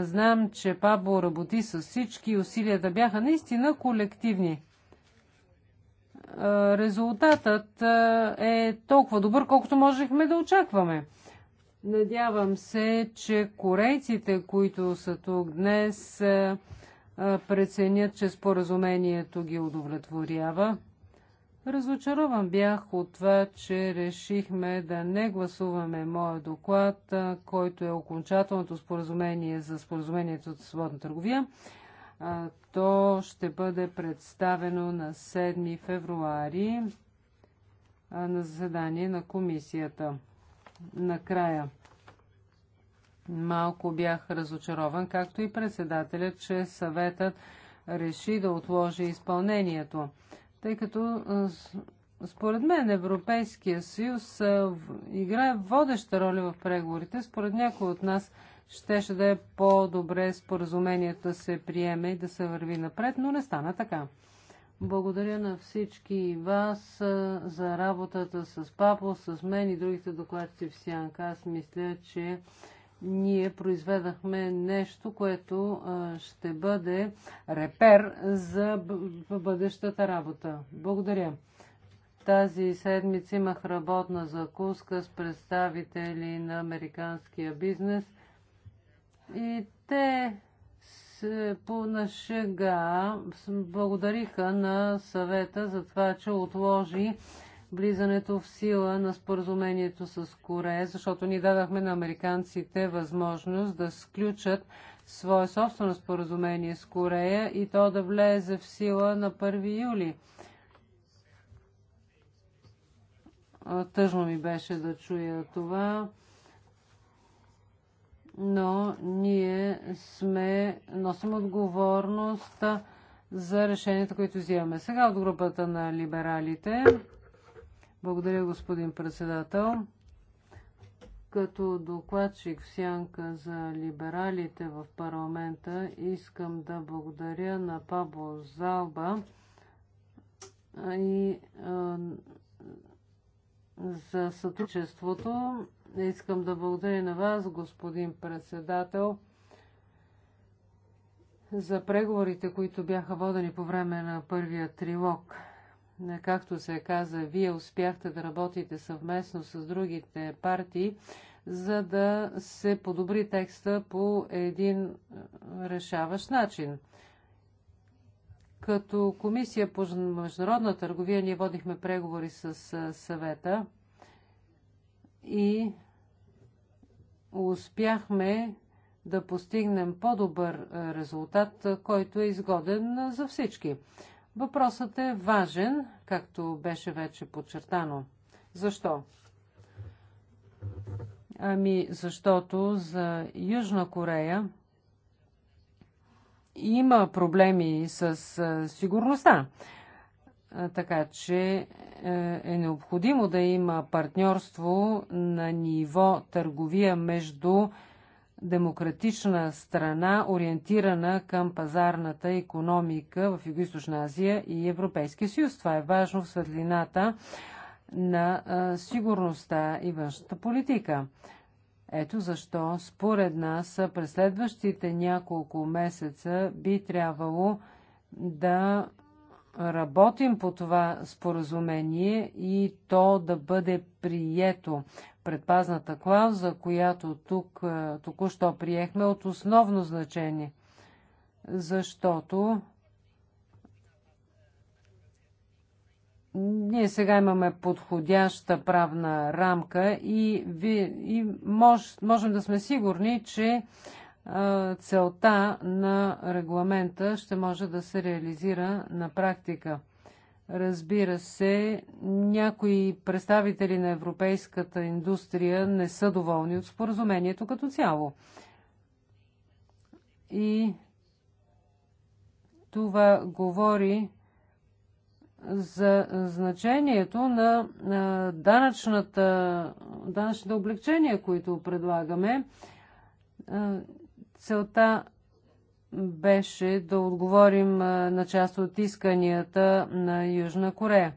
знам, че Пабло работи с всички, усилията бяха наистина колективни. Резултатът е толкова добър, колкото можехме да очакваме. Надявам се, че корейците, които са тук днес, е, е, преценят, че споразумението ги удовлетворява. Разочарован бях от това, че решихме да не гласуваме моя доклад, е, който е окончателното споразумение за споразумението за свободна търговия. То ще бъде представено на 7 февруари на заседание на комисията накрая. Малко бях разочарован, както и председателя, че съветът реши да отложи изпълнението, тъй като според мен Европейския съюз играе водеща роля в преговорите. Според някой от нас щеше да е по-добре споразумението да се приеме и да се върви напред, но не стана така. Благодаря на всички вас за работата с Папо, с мен и другите докладци в Сянка. Аз мисля, че ние произведахме нещо, което ще бъде репер за бъдещата работа. Благодаря. Тази седмица имах работна закуска с представители на американския бизнес и те се пълна благодариха на съвета за това, че отложи влизането в сила на споразумението с Корея, защото ни дадахме на американците възможност да сключат свое собствено споразумение с Корея и то да влезе в сила на 1 юли. Тъжно ми беше да чуя това но ние сме, носим отговорност за решенията, които взимаме. Сега от групата на либералите. Благодаря, господин председател. Като докладчик в сянка за либералите в парламента, искам да благодаря на Пабло Залба и а, за сътрудничеството Искам да благодаря на вас, господин председател, за преговорите, които бяха водени по време на първия трилог. Както се каза, вие успяхте да работите съвместно с другите партии, за да се подобри текста по един решаващ начин. Като комисия по международна търговия ние водихме преговори с съвета и успяхме да постигнем по-добър резултат, който е изгоден за всички. Въпросът е важен, както беше вече подчертано. Защо? Ами, защото за Южна Корея има проблеми с сигурността. Така че е, е необходимо да има партньорство на ниво търговия между демократична страна, ориентирана към пазарната економика в Юго-Источна Азия и Европейския съюз. Това е важно в светлината на сигурността и външната политика. Ето защо, според нас, през следващите няколко месеца би трябвало да работим по това споразумение и то да бъде прието. Предпазната клауза, която тук е, току-що приехме, е от основно значение, защото ние сега имаме подходяща правна рамка и, ви, и мож, можем да сме сигурни, че целта на регламента ще може да се реализира на практика. Разбира се, някои представители на европейската индустрия не са доволни от споразумението като цяло. И това говори за значението на данъчната, данъчните облегчения, които предлагаме Целта беше да отговорим на част от исканията на Южна Корея.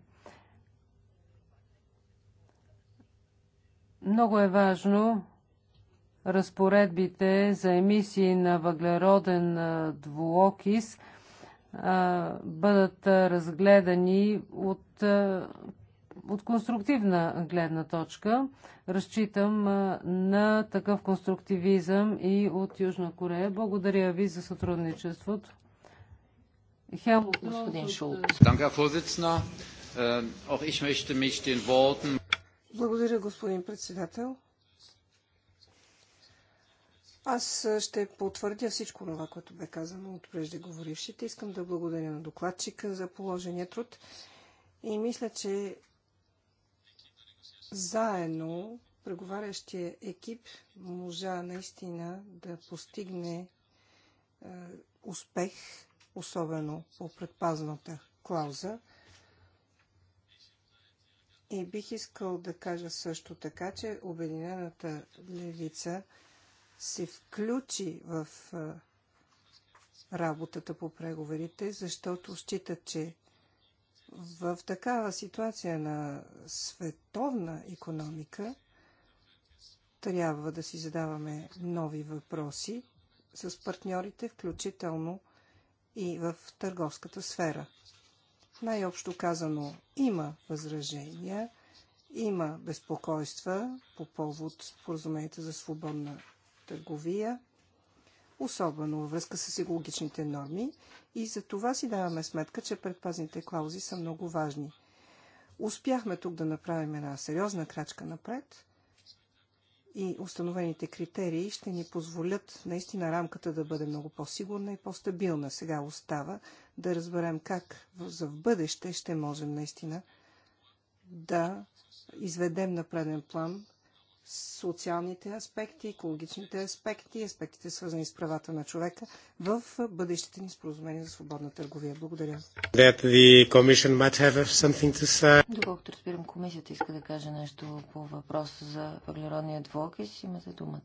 Много е важно разпоредбите за емисии на въглероден двуокис бъдат разгледани от от конструктивна гледна точка. Разчитам на такъв конструктивизъм и от Южна Корея. Благодаря ви за сътрудничеството. Äh, благодаря, господин председател. Аз ще потвърдя всичко това, което бе казано от преждеговорившите. Искам да благодаря на докладчика за положения труд и мисля, че заедно преговарящия екип можа наистина да постигне е, успех, особено по предпазната клауза. И бих искал да кажа също така, че Обединената левица се включи в е, работата по преговорите, защото считат, че в такава ситуация на световна економика трябва да си задаваме нови въпроси с партньорите, включително и в търговската сфера. Най-общо казано, има възражения, има безпокойства по повод споразумението за свободна търговия – особено във връзка с екологичните норми и за това си даваме сметка, че предпазните клаузи са много важни. Успяхме тук да направим една сериозна крачка напред и установените критерии ще ни позволят наистина рамката да бъде много по-сигурна и по-стабилна. Сега остава да разберем как за в бъдеще ще можем наистина да изведем на преден план социалните аспекти, екологичните аспекти, аспектите свързани с правата на човека в бъдещите ни споразумения за свободна търговия. Благодаря. Доколкото разбирам, комисията иска да каже нещо по въпроса за въглеродния двуокис. Имате думата.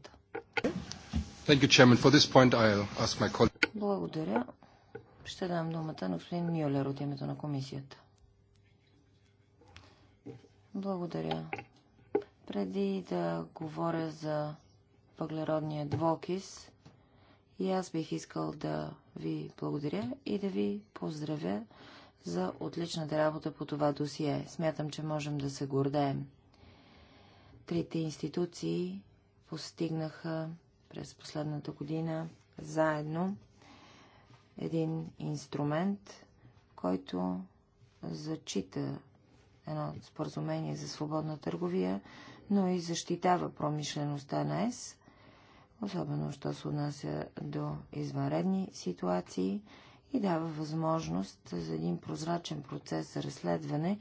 You, Благодаря. Ще дам думата на господин Мюлер от името на комисията. Благодаря, преди да говоря за въглеродния двокис, и аз бих искал да ви благодаря и да ви поздравя за отличната работа по това досие. Смятам, че можем да се гордеем. Трите институции постигнаха през последната година заедно един инструмент, който зачита едно споразумение за свободна търговия, но и защитава промишлеността на ЕС, особено, що се отнася до извънредни ситуации и дава възможност за един прозрачен процес за разследване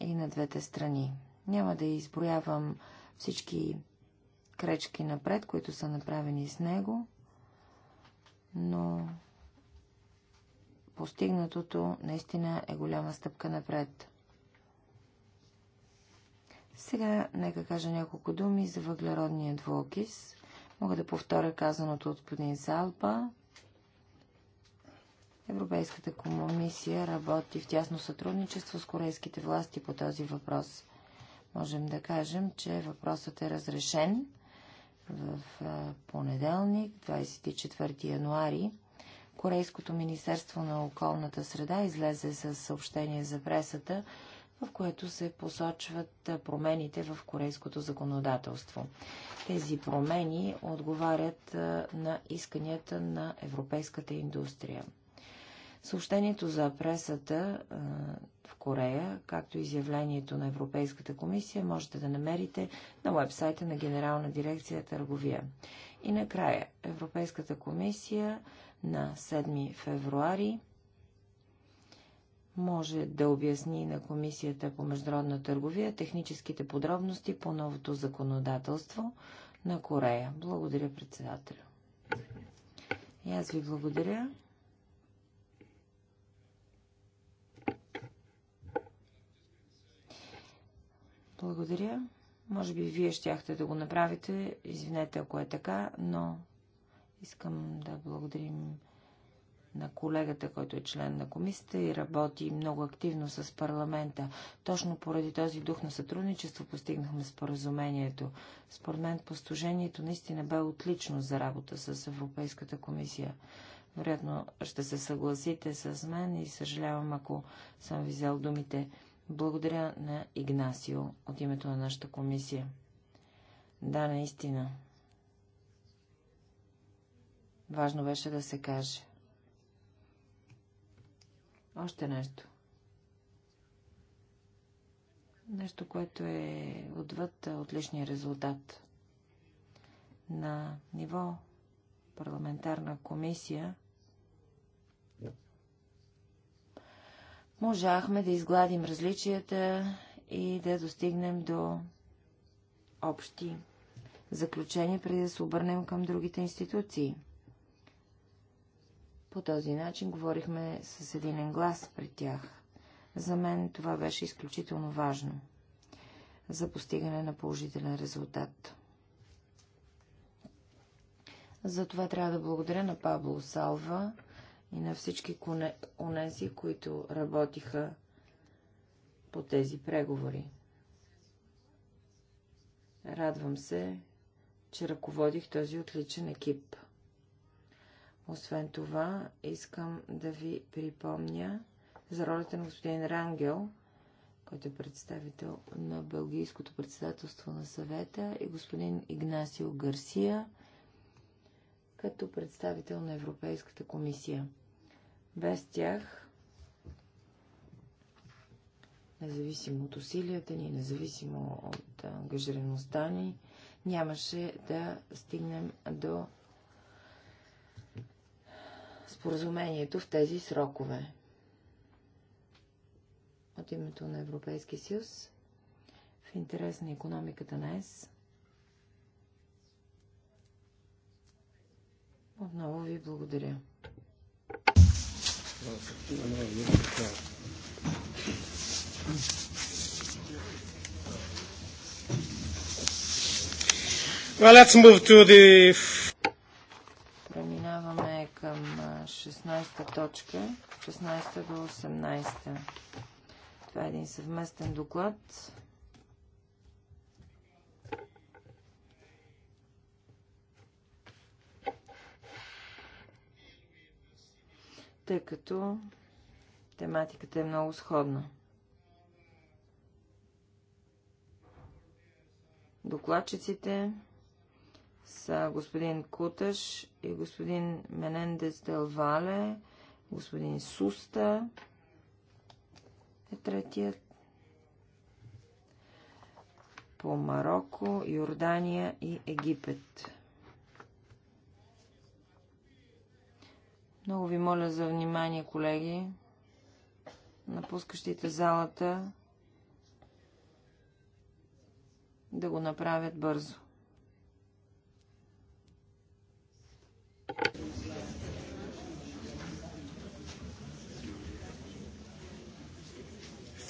и на двете страни. Няма да изброявам всички кречки напред, които са направени с него, но постигнатото наистина е голяма стъпка напред. Сега нека кажа няколко думи за въглеродния двуокис. Мога да повторя казаното от господин Залба. Европейската комисия работи в тясно сътрудничество с корейските власти по този въпрос. Можем да кажем, че въпросът е разрешен в понеделник, 24 януари Корейското Министерство на околната среда излезе с съобщение за пресата, в което се посочват промените в корейското законодателство. Тези промени отговарят на исканията на европейската индустрия. Съобщението за пресата в Корея, както и изявлението на Европейската комисия, можете да намерите на вебсайта на Генерална дирекция търговия. И накрая, Европейската комисия на 7 февруари може да обясни на Комисията по международна търговия техническите подробности по новото законодателство на Корея. Благодаря, председател. И аз ви благодаря. Благодаря. Може би вие щяхте да го направите. Извинете, ако е така, но Искам да благодарим на колегата, който е член на комисията и работи много активно с парламента. Точно поради този дух на сътрудничество постигнахме споразумението. Според мен постижението наистина бе отлично за работа с Европейската комисия. Вероятно ще се съгласите с мен и съжалявам, ако съм ви взел думите. Благодаря на Игнасио от името на нашата комисия. Да, наистина. Важно беше да се каже. Още нещо. Нещо, което е отвъд отличния резултат. На ниво парламентарна комисия можахме да изгладим различията и да достигнем до общи заключения, преди да се обърнем към другите институции – по този начин говорихме с един глас при тях. За мен това беше изключително важно за постигане на положителен резултат. Затова трябва да благодаря на Пабло Салва и на всички онези, които работиха по тези преговори. Радвам се, че ръководих този отличен екип. Освен това, искам да ви припомня за ролята на господин Рангел, който е представител на Белгийското председателство на съвета, и господин Игнасио Гарсия, като представител на Европейската комисия. Без тях, независимо от усилията ни, независимо от ангажираността ни, нямаше да стигнем до споразумението в тези срокове. От името на Европейския съюз, в интерес на економиката на ЕС, отново ви благодаря. Well, let's move to the 16 точка, 16 до 18. Това е един съвместен доклад. Тъй като тематиката е много сходна. Докладчиците са господин Куташ и господин Менендес Делвале, господин Суста е третият. По Марокко, Йордания и Египет. Много ви моля за внимание, колеги. Напускащите залата да го направят бързо.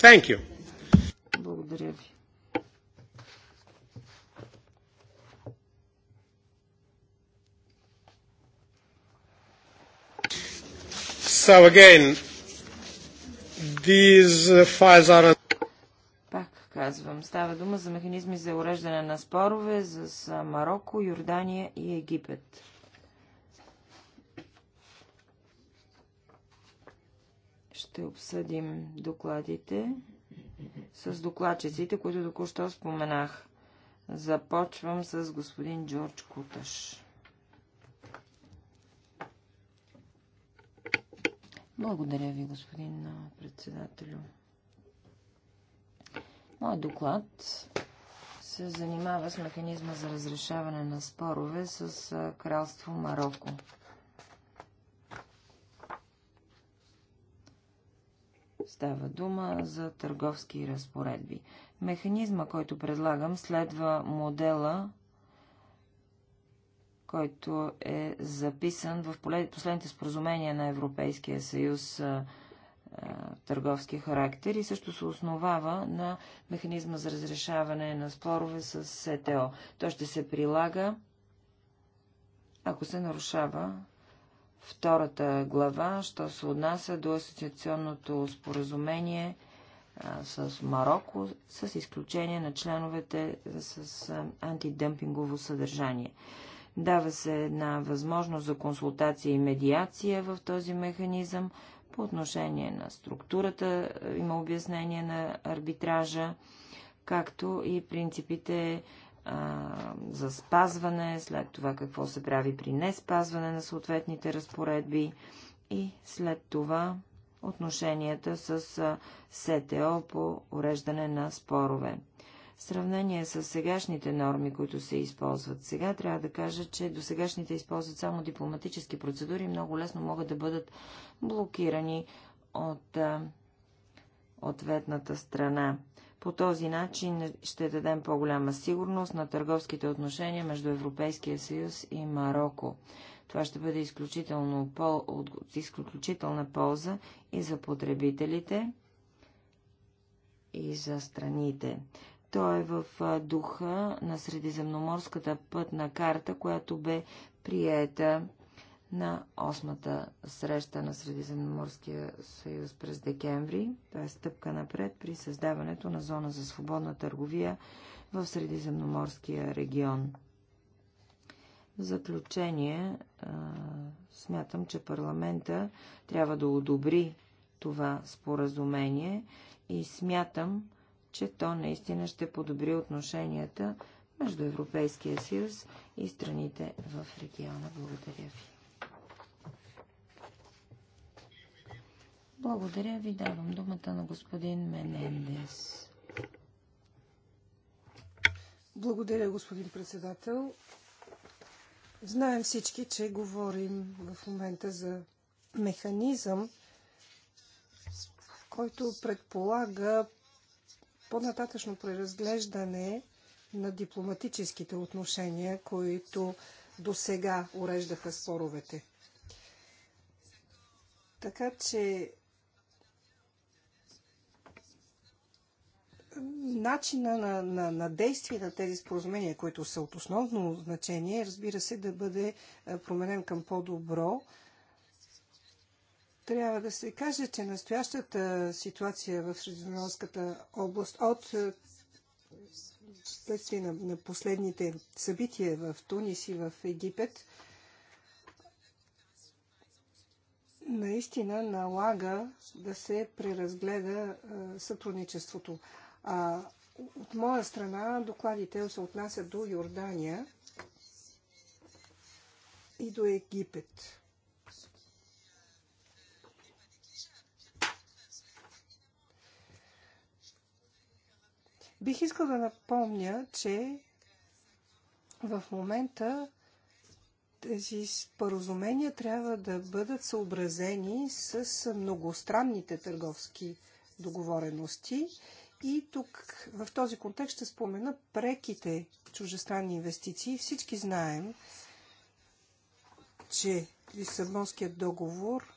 Thank you. Благодаря ви. So again, these uh, files are... Пак казвам, става дума за механизми за уреждане на спорове с Марокко, Йордания и Египет. ще обсъдим докладите с докладчиците, които току-що споменах. Започвам с господин Джордж Куташ. Благодаря ви, господин председателю. Моят доклад се занимава с механизма за разрешаване на спорове с Кралство Марокко. Става дума за търговски разпоредби. Механизма, който предлагам, следва модела, който е записан в последните споразумения на Европейския съюз търговски характер и също се основава на механизма за разрешаване на спорове с СТО. Той ще се прилага, ако се нарушава втората глава, що се отнася до асоциационното споразумение а, с Марокко, с изключение на членовете с а, антидъмпингово съдържание. Дава се една възможност за консултация и медиация в този механизъм. По отношение на структурата има обяснение на арбитража, както и принципите за спазване, след това какво се прави при не спазване на съответните разпоредби и след това отношенията с СТО по уреждане на спорове. В сравнение с сегашните норми, които се използват сега, трябва да кажа, че до сегашните използват само дипломатически процедури и много лесно могат да бъдат блокирани от ответната страна. По този начин ще дадем по-голяма сигурност на търговските отношения между Европейския съюз и Марокко. Това ще бъде изключително пол, от изключителна полза и за потребителите, и за страните. Той е в духа на Средиземноморската пътна карта, която бе приета на осмата среща на Средиземноморския съюз през декември. Това е стъпка напред при създаването на зона за свободна търговия в Средиземноморския регион. В заключение, смятам, че парламента трябва да одобри това споразумение и смятам, че то наистина ще подобри отношенията между Европейския съюз и страните в региона. Благодаря ви. Благодаря ви. Давам думата на господин Менендес. Благодаря, господин председател. Знаем всички, че говорим в момента за механизъм, който предполага по-нататъчно преразглеждане на дипломатическите отношения, които до сега уреждаха споровете. Така че начина на, на, на действие на тези споразумения, които са от основно значение, разбира се, да бъде е, променен към по-добро. Трябва да се каже, че настоящата ситуация в Средиземноморската област от е, следствие на, на последните събития в Тунис и в Египет наистина налага да се преразгледа е, сътрудничеството. А, от моя страна докладите се отнасят до Йордания и до Египет. Бих искал да напомня, че в момента тези споразумения трябва да бъдат съобразени с многостранните търговски договорености и тук в този контекст ще спомена преките чужестранни инвестиции. Всички знаем, че Лисабонският договор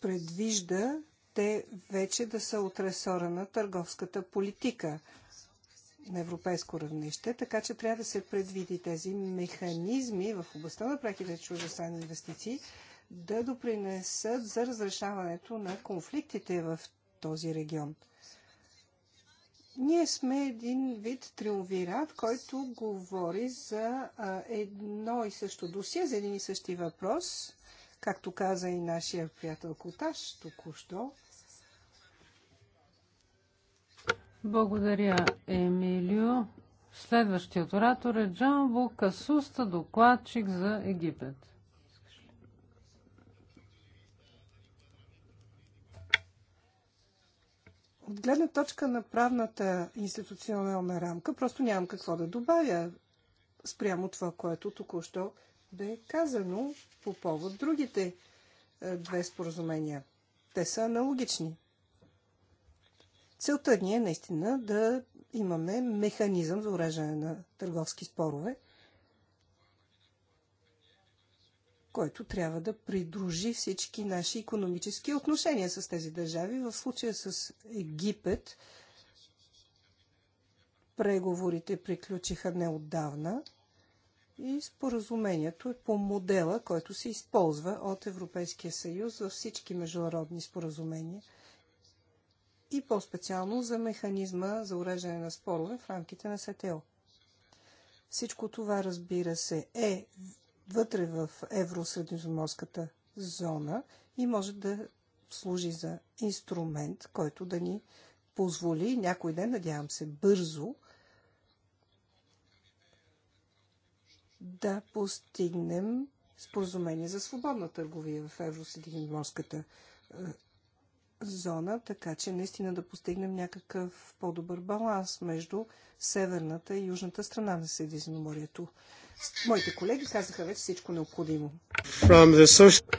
предвижда те вече да са от ресора на търговската политика на европейско равнище, така че трябва да се предвиди тези механизми в областта на преките чужестранни инвестиции да допринесат за разрешаването на конфликтите в този регион. Ние сме един вид триумвират, който говори за едно и също досие, за един и същи въпрос, както каза и нашия приятел Коташ току-що. Благодаря, Емилио. Следващият оратор е Джан Касуста, докладчик за Египет. От гледна точка на правната институционална рамка, просто нямам какво да добавя спрямо това, което току-що бе казано по повод другите е, две споразумения. Те са аналогични. Целта ни е наистина да имаме механизъм за уреждане на търговски спорове, който трябва да придружи всички наши економически отношения с тези държави. В случая с Египет преговорите приключиха неотдавна и споразумението е по модела, който се използва от Европейския съюз във всички международни споразумения и по-специално за механизма за уреждане на спорове в рамките на СТО. Всичко това, разбира се, е вътре в евросредиземорската зона и може да служи за инструмент, който да ни позволи някой ден, надявам се, бързо да постигнем споразумение за свободна търговия в евросредиземорската е, зона, така че наистина да постигнем някакъв по-добър баланс между северната и южната страна на Средиземноморието. Моите колеги казаха вече всичко необходимо. Social...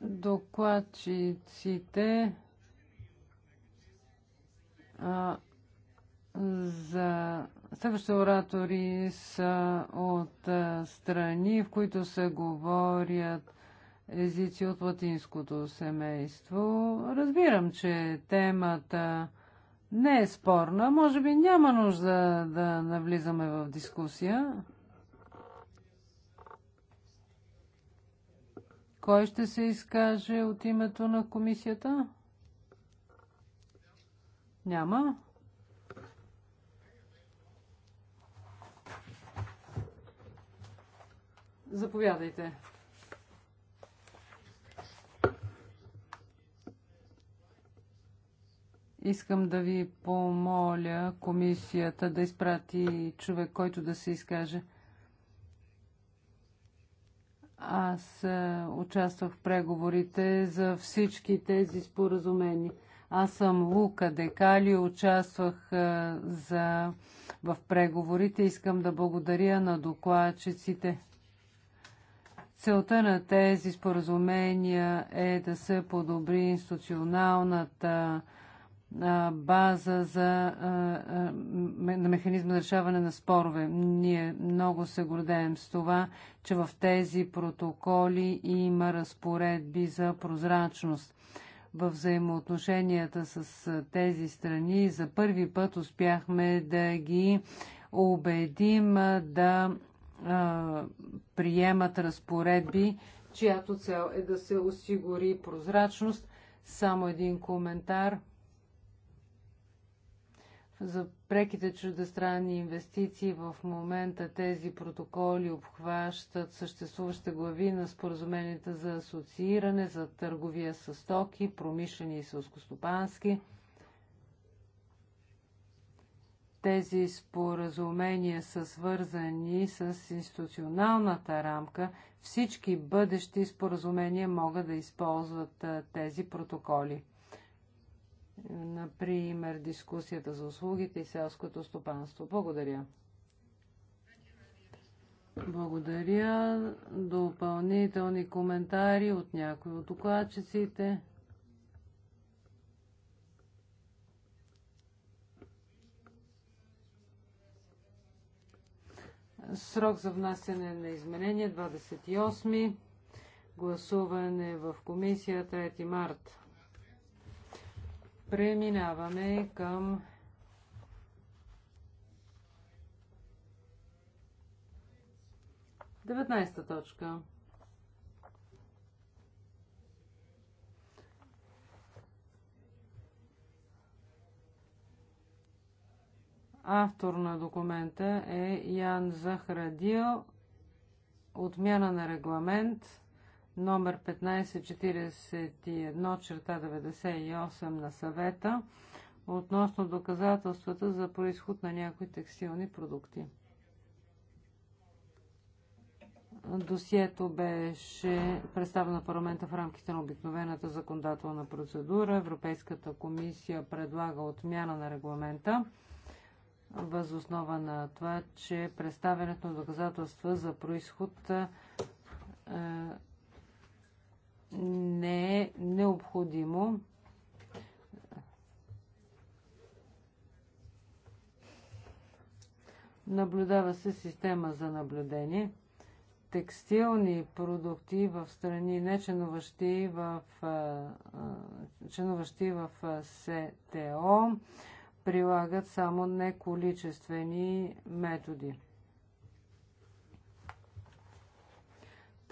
Докладчиците а, за следващите оратори са от а, страни, в които се говорят езици от латинското семейство. Разбирам, че темата не е спорна. Може би няма нужда да навлизаме в дискусия. Кой ще се изкаже от името на комисията? Няма. Заповядайте. Искам да ви помоля комисията да изпрати човек, който да се изкаже. Аз е, участвах в преговорите за всички тези споразумения. Аз съм Лука Декали, участвах е, за... в преговорите. Искам да благодаря на докладчиците. Целта на тези споразумения е да се подобри институционалната база за, на механизма за решаване на спорове. Ние много се гордеем с това, че в тези протоколи има разпоредби за прозрачност. В взаимоотношенията с тези страни за първи път успяхме да ги убедим да приемат разпоредби, чиято цел е да се осигури прозрачност. Само един коментар – за преките чуждестранни инвестиции в момента тези протоколи обхващат съществуващите глави на споразуменията за асоцииране, за търговия с стоки, промишлени и сълскостопански. Тези споразумения са свързани с институционалната рамка. Всички бъдещи споразумения могат да използват тези протоколи. Например, дискусията за услугите и селското стопанство. Благодаря. Благодаря. Допълнителни коментари от някои от докладчиците. Срок за внасяне на изменения 28. Гласуване в комисия 3 март. Преминаваме към Деветнайста точка. Автор на документа е Ян Захрадил. Отмяна на регламент номер 1541 черта 98 на съвета относно доказателствата за происход на някои текстилни продукти. Досието беше представено на парламента в рамките на обикновената законодателна процедура. Европейската комисия предлага отмяна на регламента възоснова на това, че представянето на доказателства за происход е, не е необходимо Наблюдава се система за наблюдение. Текстилни продукти в страни, не членуващи в, членуващи в СТО, прилагат само неколичествени методи.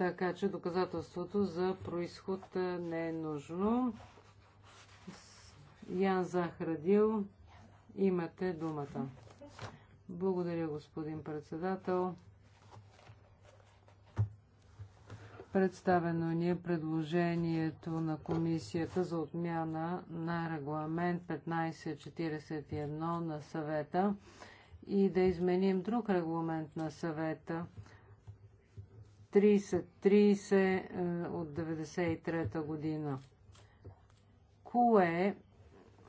Така че доказателството за происход не е нужно. Ян Захрадил, имате думата. Благодаря, господин председател. Представено ни е предложението на Комисията за отмяна на регламент 1541 на съвета и да изменим друг регламент на съвета 30-30 е, от 93-та година. Кое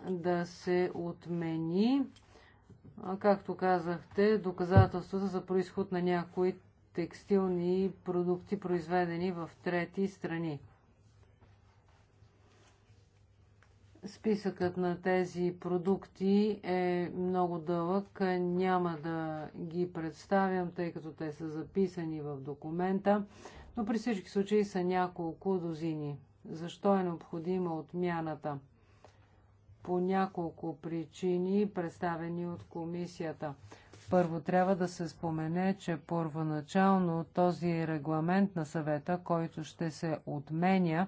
да се отмени, както казахте, доказателствата за происход на някои текстилни продукти, произведени в трети страни. Списъкът на тези продукти е много дълъг. Няма да ги представям, тъй като те са записани в документа, но при всички случаи са няколко дозини. Защо е необходима отмяната? По няколко причини, представени от комисията. Първо трябва да се спомене, че първоначално този регламент на съвета, който ще се отменя,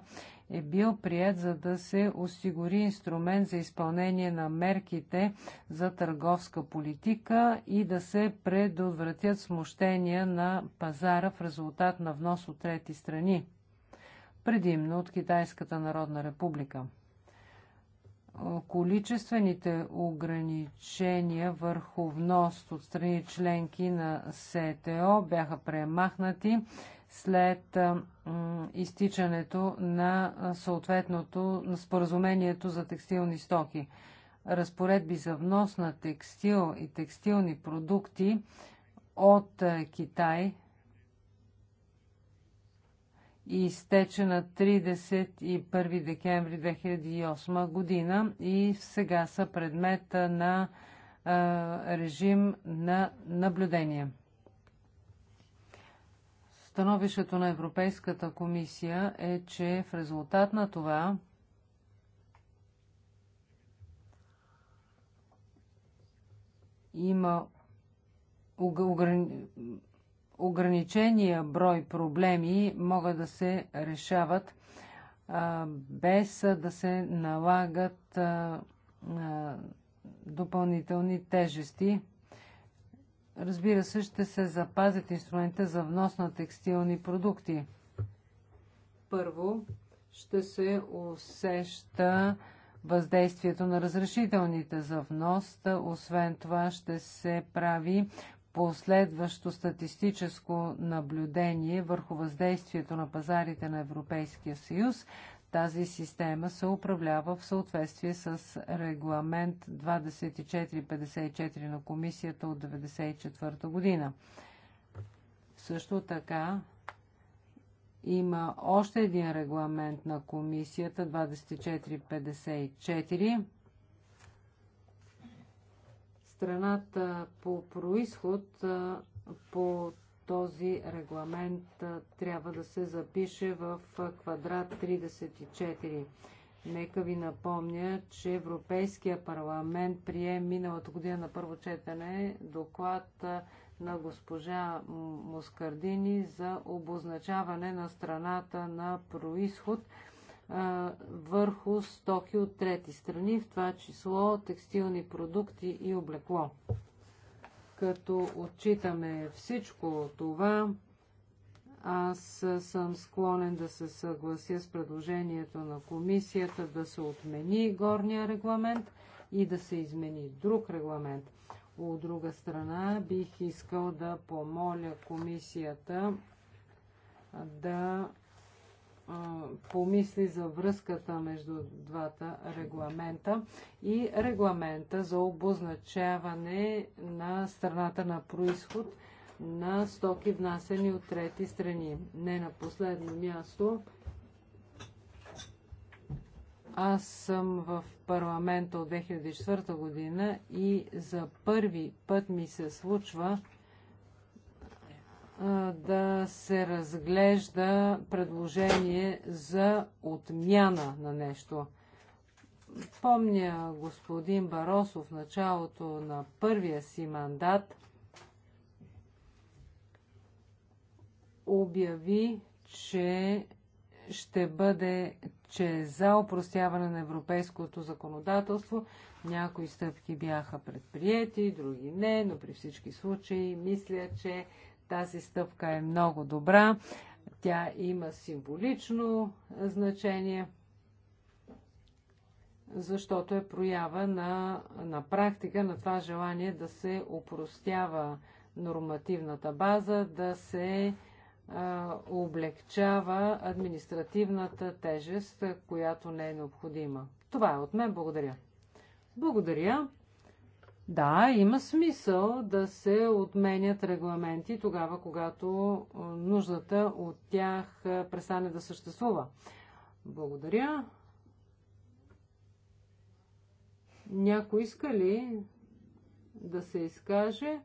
е бил прият, за да се осигури инструмент за изпълнение на мерките за търговска политика и да се предотвратят смущения на пазара в резултат на внос от трети страни, предимно от Китайската народна република количествените ограничения върху внос от страни членки на СТО бяха премахнати след изтичането на съответното на споразумението за текстилни стоки. Разпоредби за внос на текстил и текстилни продукти от Китай и изтече на 31 декември 2008 година и сега са предмета на режим на наблюдение. Становището на Европейската комисия е, че в резултат на това има ограничения брой проблеми могат да се решават без да се налагат допълнителни тежести. Разбира се, ще се запазят инструментите за внос на текстилни продукти. Първо, ще се усеща въздействието на разрешителните за внос. Освен това, ще се прави последващо статистическо наблюдение върху въздействието на пазарите на Европейския съюз, тази система се управлява в съответствие с регламент 2454 на комисията от 1994 година. Също така има още един регламент на комисията 2454. Страната по происход по този регламент трябва да се запише в квадрат 34. Нека ви напомня, че Европейския парламент прие миналата година на първо четене доклад на госпожа Москардини за обозначаване на страната на происход върху стоки от трети страни, в това число текстилни продукти и облекло. Като отчитаме всичко това, аз съм склонен да се съглася с предложението на комисията да се отмени горния регламент и да се измени друг регламент. От друга страна, бих искал да помоля комисията да помисли за връзката между двата регламента и регламента за обозначаване на страната на происход на стоки внасени от трети страни. Не на последно място, аз съм в парламента от 2004 година и за първи път ми се случва да се разглежда предложение за отмяна на нещо. Помня господин Баросов в началото на първия си мандат обяви, че ще бъде, че е за опростяване на европейското законодателство някои стъпки бяха предприяти, други не, но при всички случаи мисля, че тази стъпка е много добра. Тя има символично значение, защото е проява на, на практика на това желание да се упростява нормативната база, да се а, облегчава административната тежест, която не е необходима. Това е от мен. Благодаря. Благодаря. Да, има смисъл да се отменят регламенти тогава, когато нуждата от тях престане да съществува. Благодаря. Някой иска ли да се изкаже?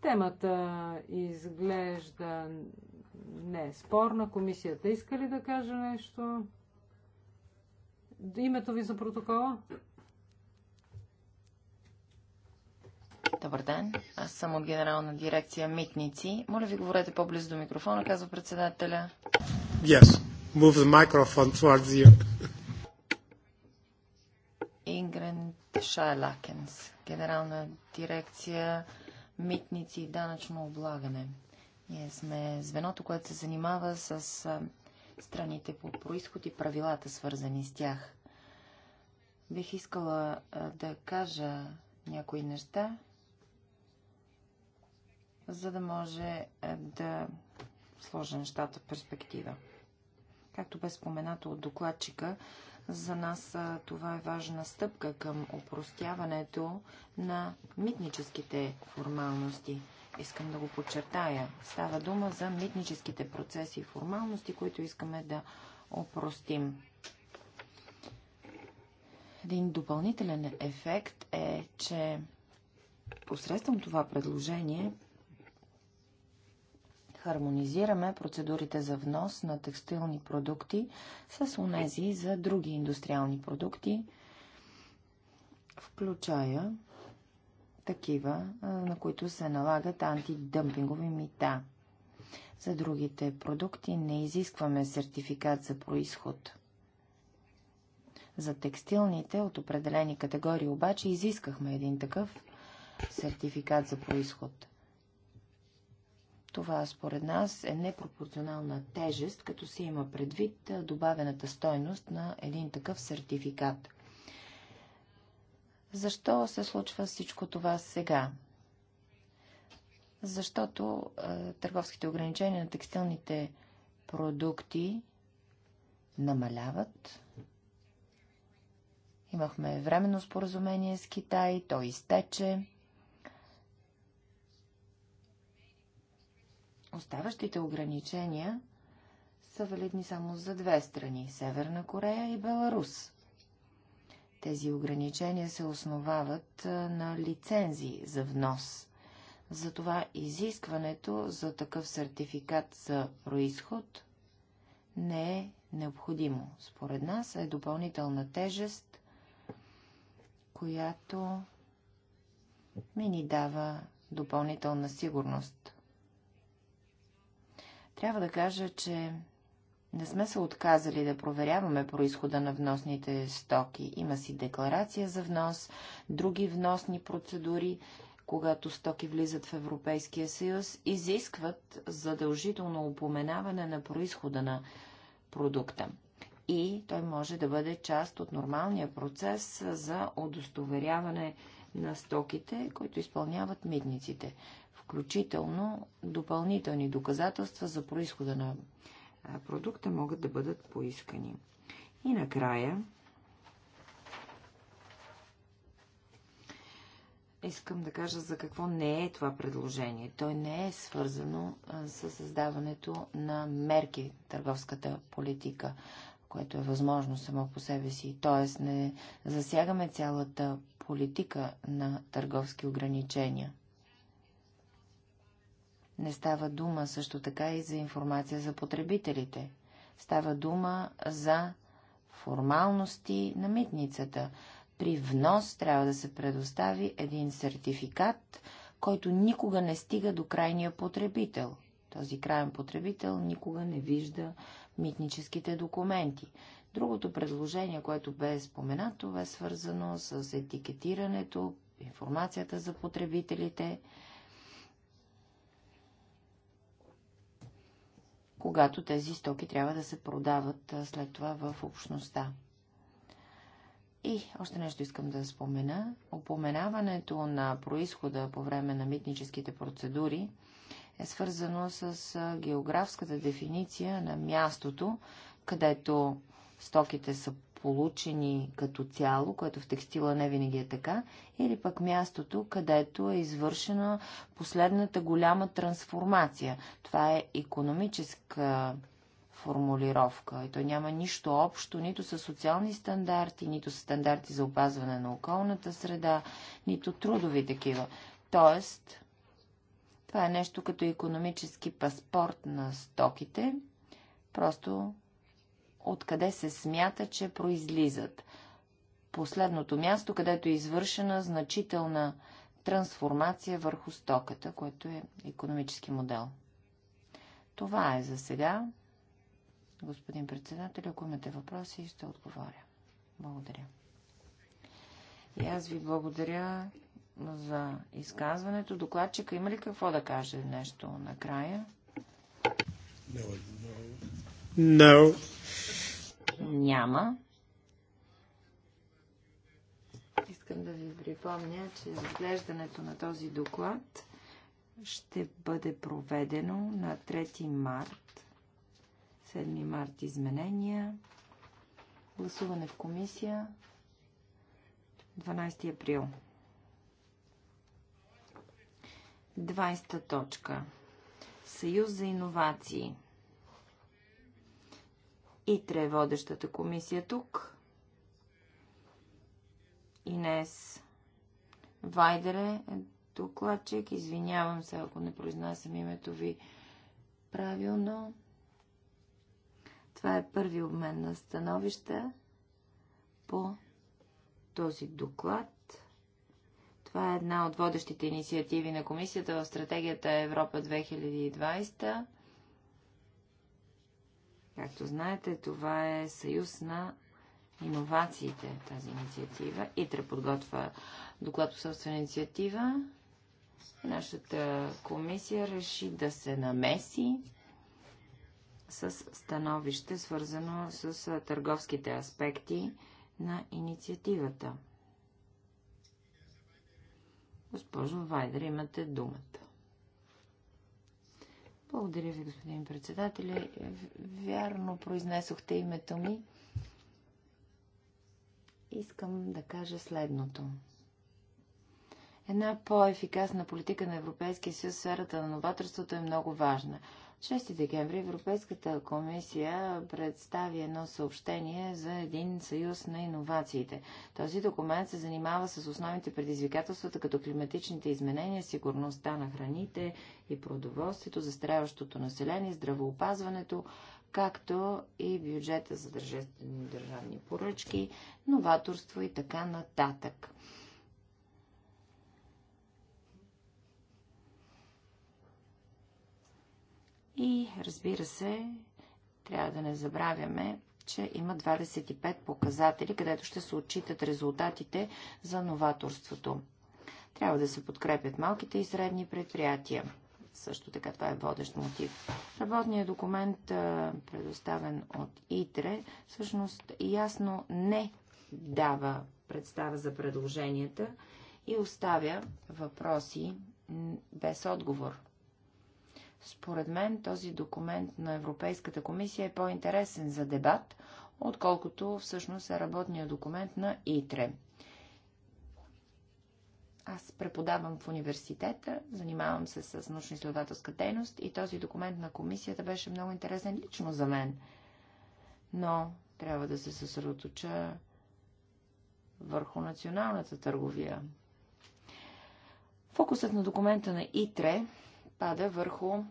Темата изглежда не е спорна. Комисията иска ли да каже нещо? Името ви за протокола? Добър ден. Аз съм от генерална дирекция Митници. Моля ви, говорете по-близо до микрофона, казва председателя. Yes. Move the microphone towards you. Ингрен Шайлакенс, генерална дирекция Митници и данъчно облагане. Ние сме звеното, което се занимава с страните по происход и правилата, свързани с тях. Бих искала да кажа някои неща за да може е, да сложа нещата в перспектива. Както бе споменато от докладчика, за нас е, това е важна стъпка към упростяването на митническите формалности. Искам да го подчертая. Става дума за митническите процеси и формалности, които искаме да опростим. Един допълнителен ефект е, че посредством това предложение хармонизираме процедурите за внос на текстилни продукти с унези за други индустриални продукти, включая такива, на които се налагат антидъмпингови мита. За другите продукти не изискваме сертификат за происход. За текстилните от определени категории обаче изискахме един такъв сертификат за происход – това според нас е непропорционална тежест, като се има предвид добавената стойност на един такъв сертификат. Защо се случва всичко това сега? Защото е, търговските ограничения на текстилните продукти намаляват. Имахме временно споразумение с Китай, то изтече. Оставащите ограничения са валидни само за две страни – Северна Корея и Беларус. Тези ограничения се основават на лицензии за внос. Затова изискването за такъв сертификат за происход не е необходимо. Според нас е допълнителна тежест, която не ни дава допълнителна сигурност. Трябва да кажа, че не сме се отказали да проверяваме происхода на вносните стоки. Има си декларация за внос, други вносни процедури, когато стоки влизат в Европейския съюз, изискват задължително упоменаване на происхода на продукта. И той може да бъде част от нормалния процес за удостоверяване на стоките, които изпълняват митниците включително допълнителни доказателства за происхода на продукта могат да бъдат поискани. И накрая искам да кажа за какво не е това предложение. Той не е свързано с създаването на мерки търговската политика, което е възможно само по себе си. Тоест не засягаме цялата политика на търговски ограничения – не става дума също така и за информация за потребителите. Става дума за формалности на митницата. При внос трябва да се предостави един сертификат, който никога не стига до крайния потребител. Този крайен потребител никога не вижда митническите документи. Другото предложение, което бе споменато, бе свързано с етикетирането, информацията за потребителите. когато тези стоки трябва да се продават след това в общността. И още нещо искам да спомена. Опоменаването на происхода по време на митническите процедури е свързано с географската дефиниция на мястото, където стоките са получени като цяло, което в текстила не винаги е така, или пък мястото, където е извършена последната голяма трансформация. Това е економическа формулировка. И то няма нищо общо нито с социални стандарти, нито с стандарти за опазване на околната среда, нито трудови такива. Тоест, това е нещо като економически паспорт на стоките, просто откъде се смята, че произлизат. Последното място, където е извършена значителна трансформация върху стоката, което е економически модел. Това е за сега. Господин председател, ако имате въпроси, ще отговоря. Благодаря. И аз ви благодаря за изказването. Докладчика, има ли какво да каже нещо накрая? No. no няма. Искам да ви припомня, че разглеждането на този доклад ще бъде проведено на 3 март, 7 март изменения, гласуване в комисия 12 април. 20 точка. Съюз за иновации. ИТРЕ водещата комисия тук. Инес Вайдере е докладчик. Извинявам се, ако не произнасям името ви правилно. Това е първи обмен на становища по този доклад. Това е една от водещите инициативи на комисията в стратегията Европа 2020 Както знаете, това е съюз на иновациите, тази инициатива. ИТРА подготвя доклад по собствена инициатива. Нашата комисия реши да се намеси с становище, свързано с търговските аспекти на инициативата. Госпожо Вайдер, имате думата. Благодаря ви, господин председател. Вярно произнесохте името ми. Искам да кажа следното. Една по-ефикасна политика на Европейския съюз в сферата на новаторството е много важна. 6 декември Европейската комисия представи едно съобщение за един съюз на иновациите. Този документ се занимава с основните предизвикателствата, като климатичните изменения, сигурността на храните и продоволствието, застаряващото население, здравоопазването, както и бюджета за държавни поръчки, новаторство и така нататък. И разбира се, трябва да не забравяме, че има 25 показатели, където ще се отчитат резултатите за новаторството. Трябва да се подкрепят малките и средни предприятия. Също така това е водещ мотив. Работният документ, предоставен от ИТРЕ, всъщност ясно не дава представа за предложенията и оставя въпроси без отговор. Според мен този документ на Европейската комисия е по-интересен за дебат, отколкото всъщност е работният документ на ИТРЕ. Аз преподавам в университета, занимавам се с научно-изследователска дейност и този документ на комисията беше много интересен лично за мен. Но трябва да се съсредоточа върху националната търговия. Фокусът на документа на ИТРЕ пада върху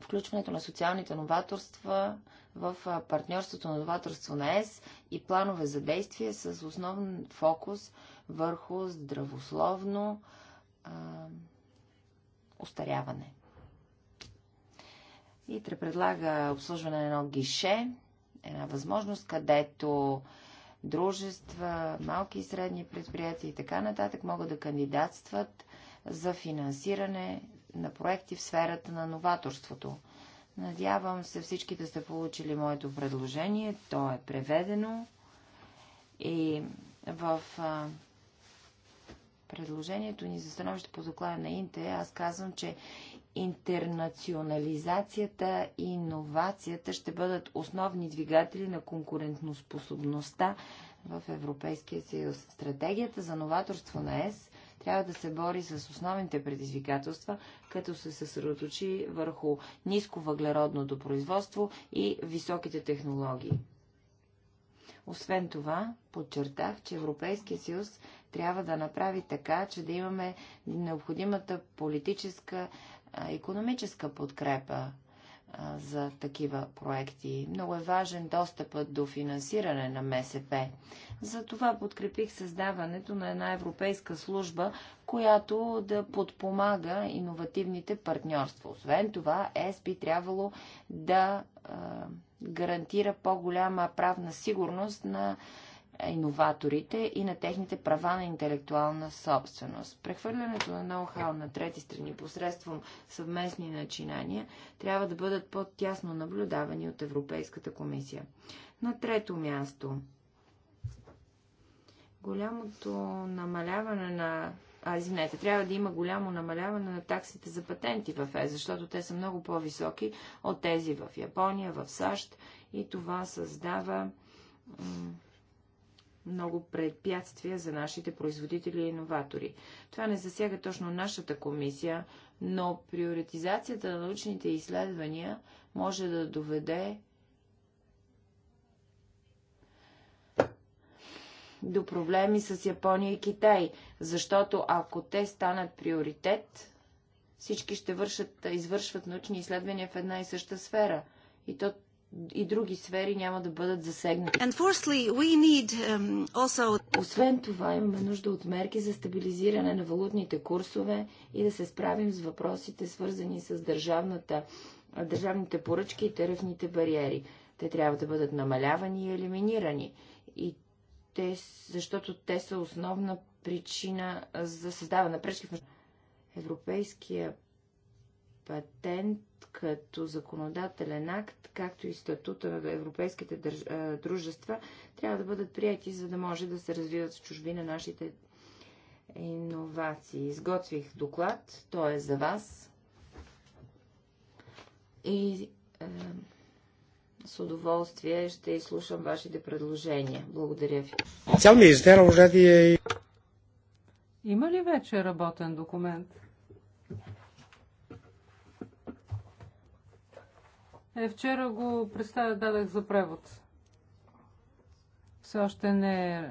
включването на социалните новаторства в партньорството на новаторство на ЕС и планове за действие с основен фокус върху здравословно а, устаряване. ИТРЕ предлага обслужване на едно гише, една възможност, където дружества, малки и средни предприятия и така нататък могат да кандидатстват за финансиране на проекти в сферата на новаторството. Надявам се всички да сте получили моето предложение. То е преведено и в а, предложението ни за становище по доклада на Инте, аз казвам, че интернационализацията и иновацията ще бъдат основни двигатели на конкурентноспособността в Европейския съюз. Стратегията за новаторство на ЕС трябва да се бори с основните предизвикателства, като се съсредоточи върху нисковъглеродното производство и високите технологии. Освен това, подчертах, че Европейския съюз трябва да направи така, че да имаме необходимата политическа, економическа подкрепа за такива проекти. Много е важен достъпът до финансиране на МСП. Затова подкрепих създаването на една европейска служба, която да подпомага иновативните партньорства. Освен това, ЕСПИ трябвало да а, гарантира по-голяма правна сигурност на е, иноваторите и на техните права на интелектуална собственост. Прехвърлянето на ноу-хау на трети страни посредством съвместни начинания трябва да бъдат по-тясно наблюдавани от Европейската комисия. На трето място голямото намаляване на а, извинете, трябва да има голямо намаляване на таксите за патенти в ЕС, защото те са много по-високи от тези в Япония, в САЩ и това създава много препятствия за нашите производители и иноватори. Това не засяга точно нашата комисия, но приоритизацията на научните изследвания може да доведе до проблеми с Япония и Китай, защото ако те станат приоритет, всички ще вършат, извършват научни изследвания в една и съща сфера. И то и други сфери няма да бъдат засегнати. Need, um, also... Освен това, имаме нужда от мерки за стабилизиране на валутните курсове и да се справим с въпросите, свързани с държавната, държавните поръчки и тарифните бариери. Те трябва да бъдат намалявани и елиминирани. И те, защото те са основна причина за създаване на пречки в Европейския патент като законодателен акт, както и статута на европейските държ... дружества, трябва да бъдат прияти, за да може да се развиват в чужби на нашите иновации. Изготвих доклад, той е за вас. И е, с удоволствие ще изслушам вашите предложения. Благодаря ви. Цял министер, е Има ли вече работен документ? Е, вчера го представя, дадах за превод. Все още не е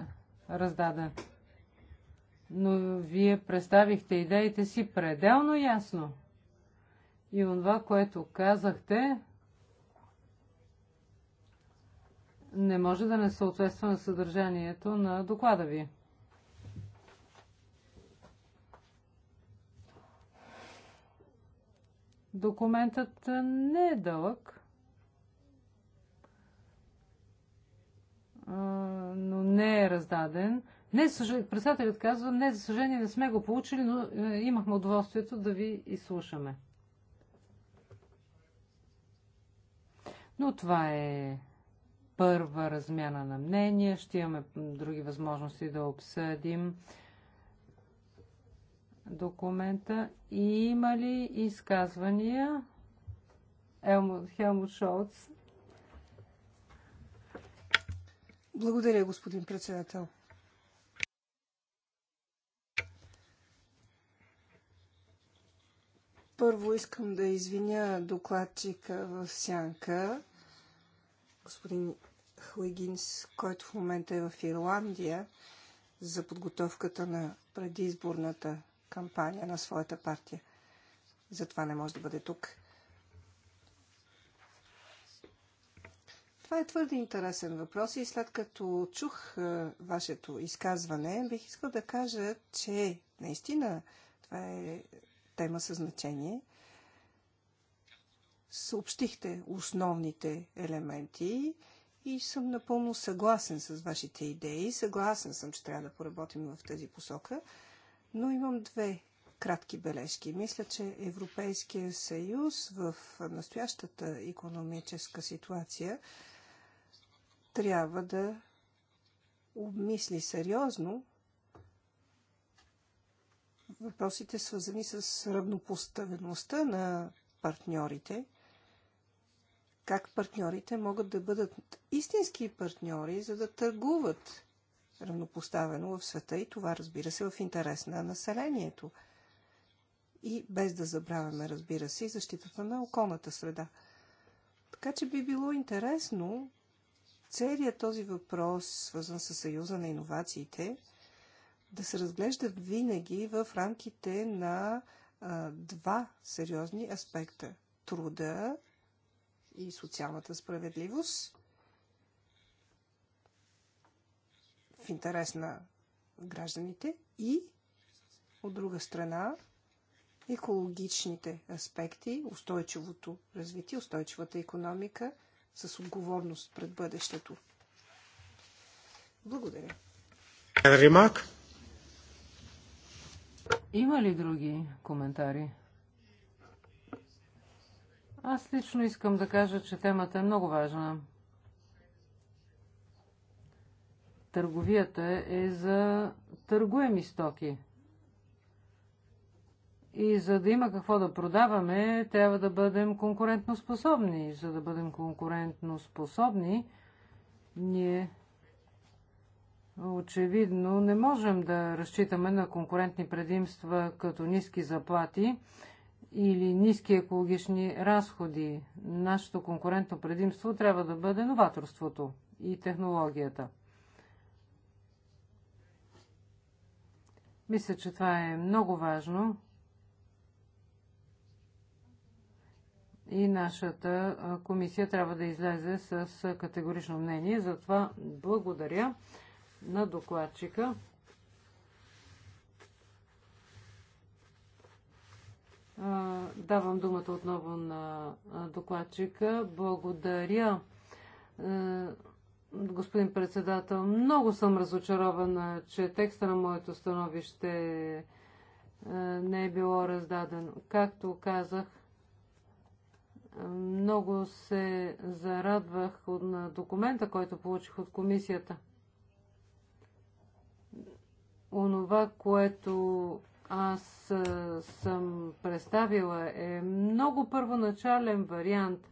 раздаден. Но вие представихте идеите си пределно ясно. И това, което казахте, не може да не съответства на съдържанието на доклада ви. Документът не е дълъг, но не е раздаден. Не, е председателят казва, не, за съжаление не сме го получили, но е, имахме удоволствието да ви изслушаме. Но това е първа размяна на мнения. Ще имаме други възможности да обсъдим документа. Има ли изказвания? Елмут, Хелмут Шолц. Благодаря, господин председател. Първо искам да извиня докладчика в сянка, господин Хуигинс, който в момента е в Ирландия за подготовката на предизборната кампания на своята партия. Затова не може да бъде тук. Това е твърде интересен въпрос и след като чух е, вашето изказване, бих искал да кажа, че наистина това е тема със значение. Съобщихте основните елементи и съм напълно съгласен с вашите идеи. Съгласен съм, че трябва да поработим в тази посока. Но имам две кратки бележки. Мисля, че Европейския съюз в настоящата економическа ситуация трябва да обмисли сериозно въпросите свързани с равнопоставеността на партньорите, как партньорите могат да бъдат истински партньори, за да търгуват равнопоставено в света и това, разбира се, е в интерес на населението. И без да забравяме, разбира се, и защитата на околната среда. Така че би било интересно целият този въпрос, свързан с Съюза на иновациите, да се разглеждат винаги в рамките на а, два сериозни аспекта труда и социалната справедливост в интерес на гражданите и от друга страна екологичните аспекти, устойчивото развитие, устойчивата економика с отговорност пред бъдещето. Благодаря. Ремак? Има ли други коментари? Аз лично искам да кажа, че темата е много важна. търговията е за търгуеми стоки. И за да има какво да продаваме, трябва да бъдем конкурентноспособни. За да бъдем конкурентно способни, ние очевидно не можем да разчитаме на конкурентни предимства като ниски заплати или ниски екологични разходи. Нашето конкурентно предимство трябва да бъде новаторството и технологията. Мисля, че това е много важно. И нашата комисия трябва да излезе с категорично мнение. Затова благодаря на докладчика. Давам думата отново на докладчика. Благодаря господин председател. Много съм разочарована, че текста на моето становище е, не е било раздаден. Както казах, много се зарадвах на документа, който получих от комисията. Онова, което аз е, съм представила е много първоначален вариант.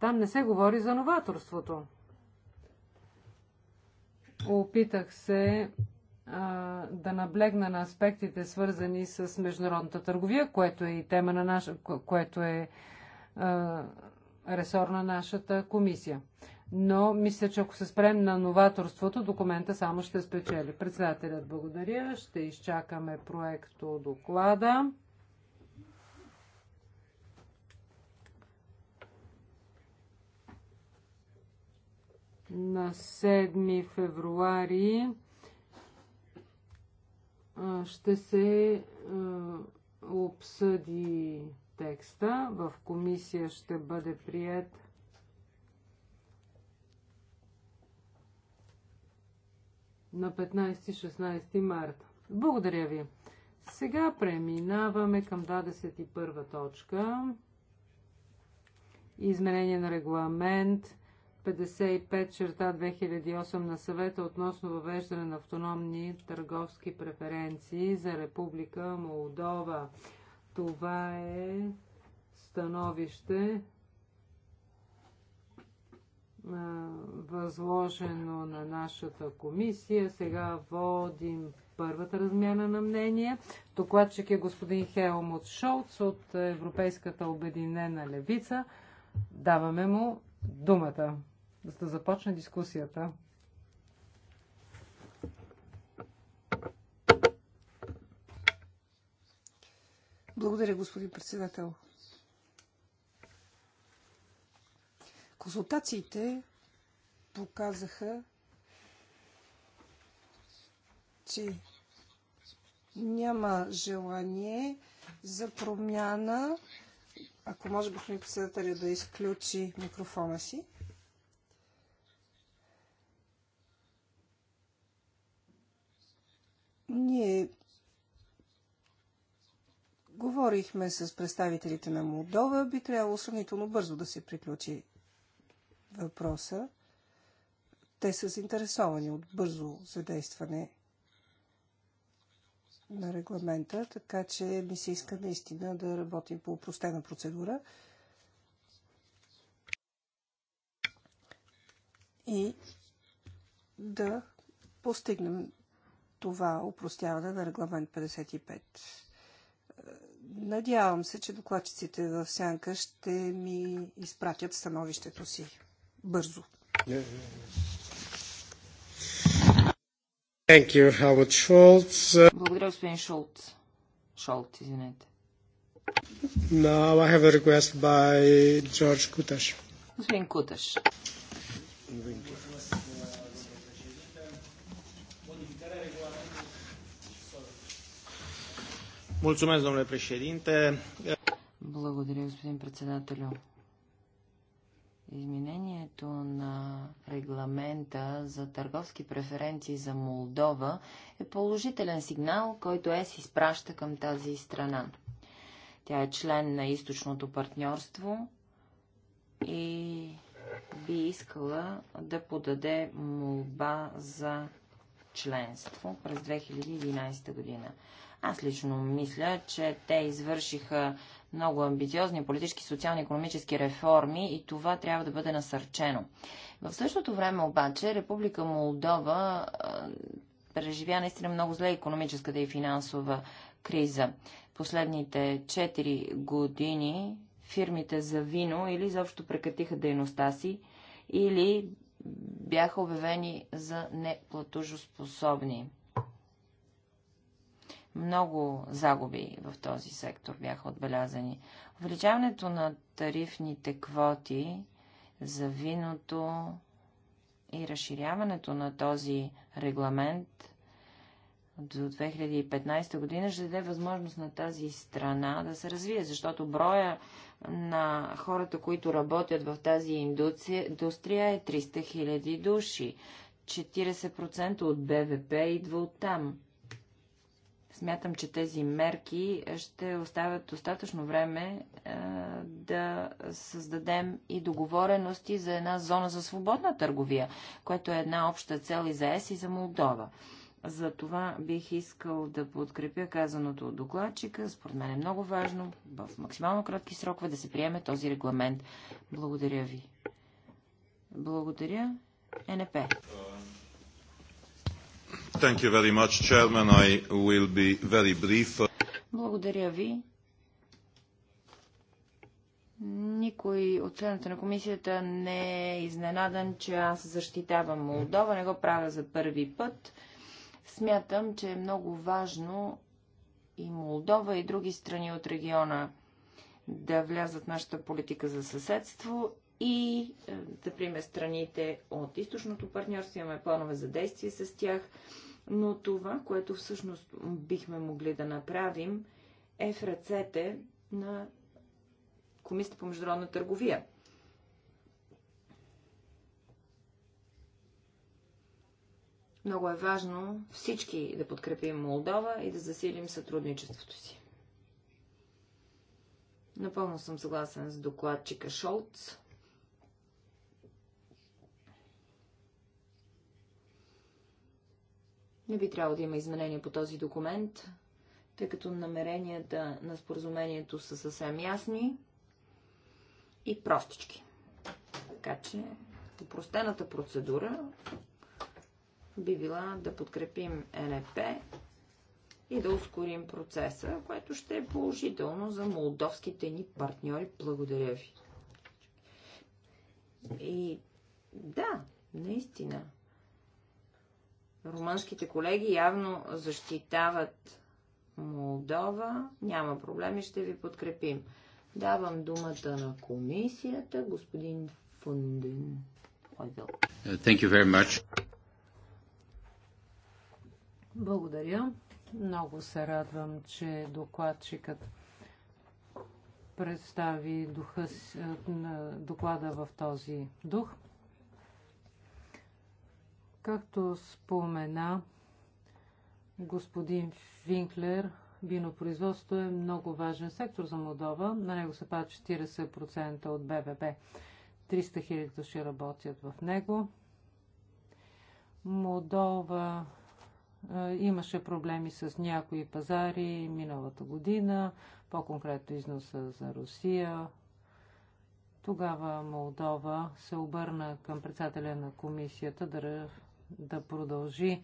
Там не се говори за новаторството. Опитах се а, да наблегна на аспектите, свързани с международната търговия, което е и тема на наша, което е а, ресор на нашата комисия. Но мисля, че ако се спрем на новаторството, документа само ще спечели. Председателят благодаря. Ще изчакаме проекто доклада. на 7 февруари ще се обсъди текста. В комисия ще бъде прият на 15-16 марта. Благодаря ви. Сега преминаваме към 21 точка. Изменение на регламент 55 черта 2008 на съвета относно въвеждане на автономни търговски преференции за Република Молдова. Това е становище възложено на нашата комисия. Сега водим първата размяна на мнение. Докладчик е господин Хелмут Шолц от Европейската обединена левица. Даваме му думата за да започне дискусията. Благодаря, господин председател. Консултациите показаха, че няма желание за промяна. Ако може господин председател, да изключи микрофона си. Ние говорихме с представителите на Молдова. Би трябвало сравнително бързо да се приключи въпроса. Те са заинтересовани от бързо задействане на регламента, така че ми се иска наистина да работим по упростена процедура. И да постигнем това упростяване на регламент 55. Надявам се, че докладчиците в Сянка ще ми изпратят становището си бързо. Thank you, Howard Schultz. Благодаря, господин Шолт. Шолт, извинете. Now I have a request by George Kutash. Господин you. Mulțumesc, domnule președinte. Благодаря, господин председателю. Изменението на регламента за търговски преференции за Молдова е положителен сигнал, който ЕС изпраща към тази страна. Тя е член на източното партньорство и би искала да подаде молба за членство през 2011 година. Аз лично мисля, че те извършиха много амбициозни политически, социални, економически реформи и това трябва да бъде насърчено. В същото време обаче Република Молдова преживя наистина много зле економическата и финансова криза. Последните 4 години фирмите за вино или заобщо прекратиха дейността си, или бяха обявени за неплатужоспособни. Много загуби в този сектор бяха отбелязани. Увеличаването на тарифните квоти за виното и разширяването на този регламент до 2015 година ще даде възможност на тази страна да се развие, защото броя на хората, които работят в тази индустрия е 300 000 души. 40% от БВП идва от там. Смятам, че тези мерки ще оставят достатъчно време е, да създадем и договорености за една зона за свободна търговия, което е една обща цел и за ЕС и за Молдова. За това бих искал да подкрепя казаното от докладчика. Според мен е много важно в максимално кратки срокове да се приеме този регламент. Благодаря ви. Благодаря. Е НП. Much, Благодаря ви. Никой от членовете на комисията не е изненадан, че аз защитавам Молдова. Не го правя за първи път. Смятам, че е много важно и Молдова и други страни от региона да влязат в нашата политика за съседство и е, да приме страните от източното партньорство. Имаме планове за действие с тях, но това, което всъщност бихме могли да направим, е в ръцете на Комисията по международна търговия. Много е важно всички да подкрепим Молдова и да засилим сътрудничеството си. Напълно съм съгласен с докладчика Шолц. Не би трябвало да има изменения по този документ, тъй като намеренията на споразумението са съвсем ясни и простички. Така че, по процедура би била да подкрепим НП и да ускорим процеса, което ще е положително за молдовските ни партньори. Благодаря ви. И да, наистина. Румънските колеги явно защитават Молдова. Няма проблеми, ще ви подкрепим. Давам думата на комисията, господин Фунден. Thank you very much. Благодаря. Много се радвам, че докладчикът представи духа, е, доклада в този дух. Както спомена господин Винклер, винопроизводството е много важен сектор за Молдова. На него се пада 40% от БВП. 300 хиляди души работят в него. Молдова Имаше проблеми с някои пазари миналата година, по-конкретно износа за Русия. Тогава Молдова се обърна към председателя на комисията да, да продължи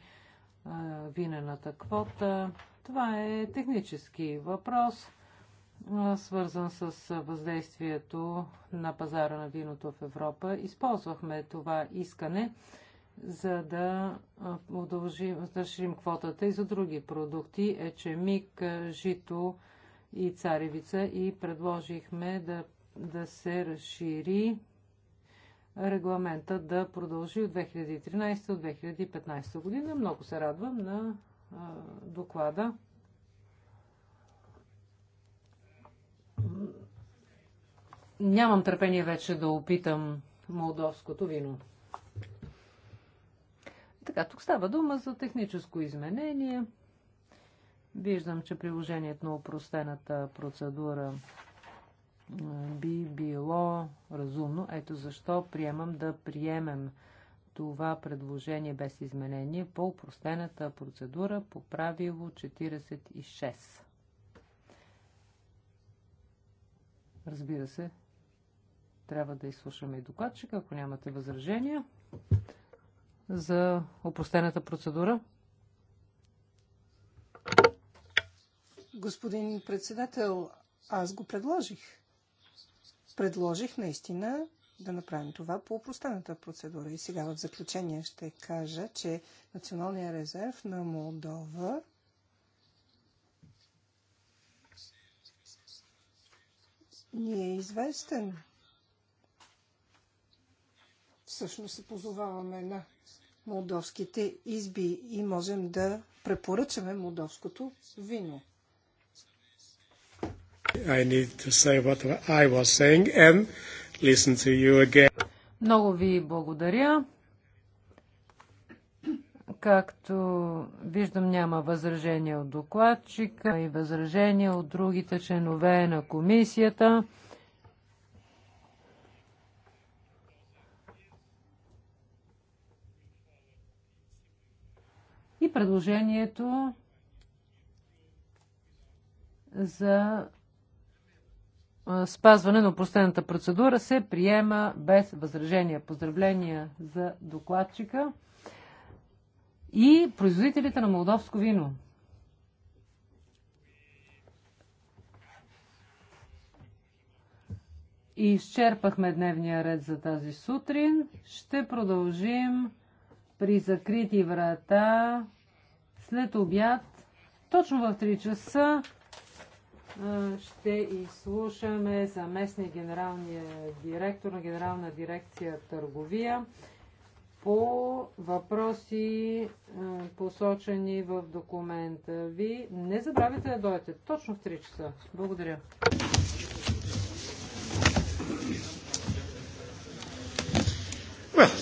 винената квота. Това е технически въпрос, свързан с въздействието на пазара на виното в Европа. Използвахме това искане за да удължим, разширим квотата и за други продукти, е, ечемик, жито и царевица и предложихме да, да се разшири регламента да продължи от 2013 от 2015 година. Много се радвам на а, доклада. Нямам търпение вече да опитам молдовското вино. Така, тук става дума за техническо изменение. Виждам, че приложението на упростената процедура би било разумно. Ето защо приемам да приемем това предложение без изменение по упростената процедура по правило 46. Разбира се, трябва да изслушаме и докладчика, ако нямате възражения за опростената процедура? Господин председател, аз го предложих. Предложих наистина да направим това по опростената процедура. И сега в заключение ще кажа, че Националния резерв на Молдова ни е известен. Всъщност се позоваваме на молдовските изби и можем да препоръчаме молдовското вино. I need to say what I was saying and listen to you again. Много ви благодаря. Както виждам, няма възражения от докладчика и възражения от другите членове на комисията. предложението за спазване на упростената процедура се приема без възражения. Поздравления за докладчика и производителите на молдовско вино. И изчерпахме дневния ред за тази сутрин. Ще продължим при закрити врата след обяд, точно в 3 часа, ще изслушаме заместния генералния директор на генерална дирекция търговия по въпроси посочени в документа ви. Не забравяйте да дойдете точно в 3 часа. Благодаря. Well.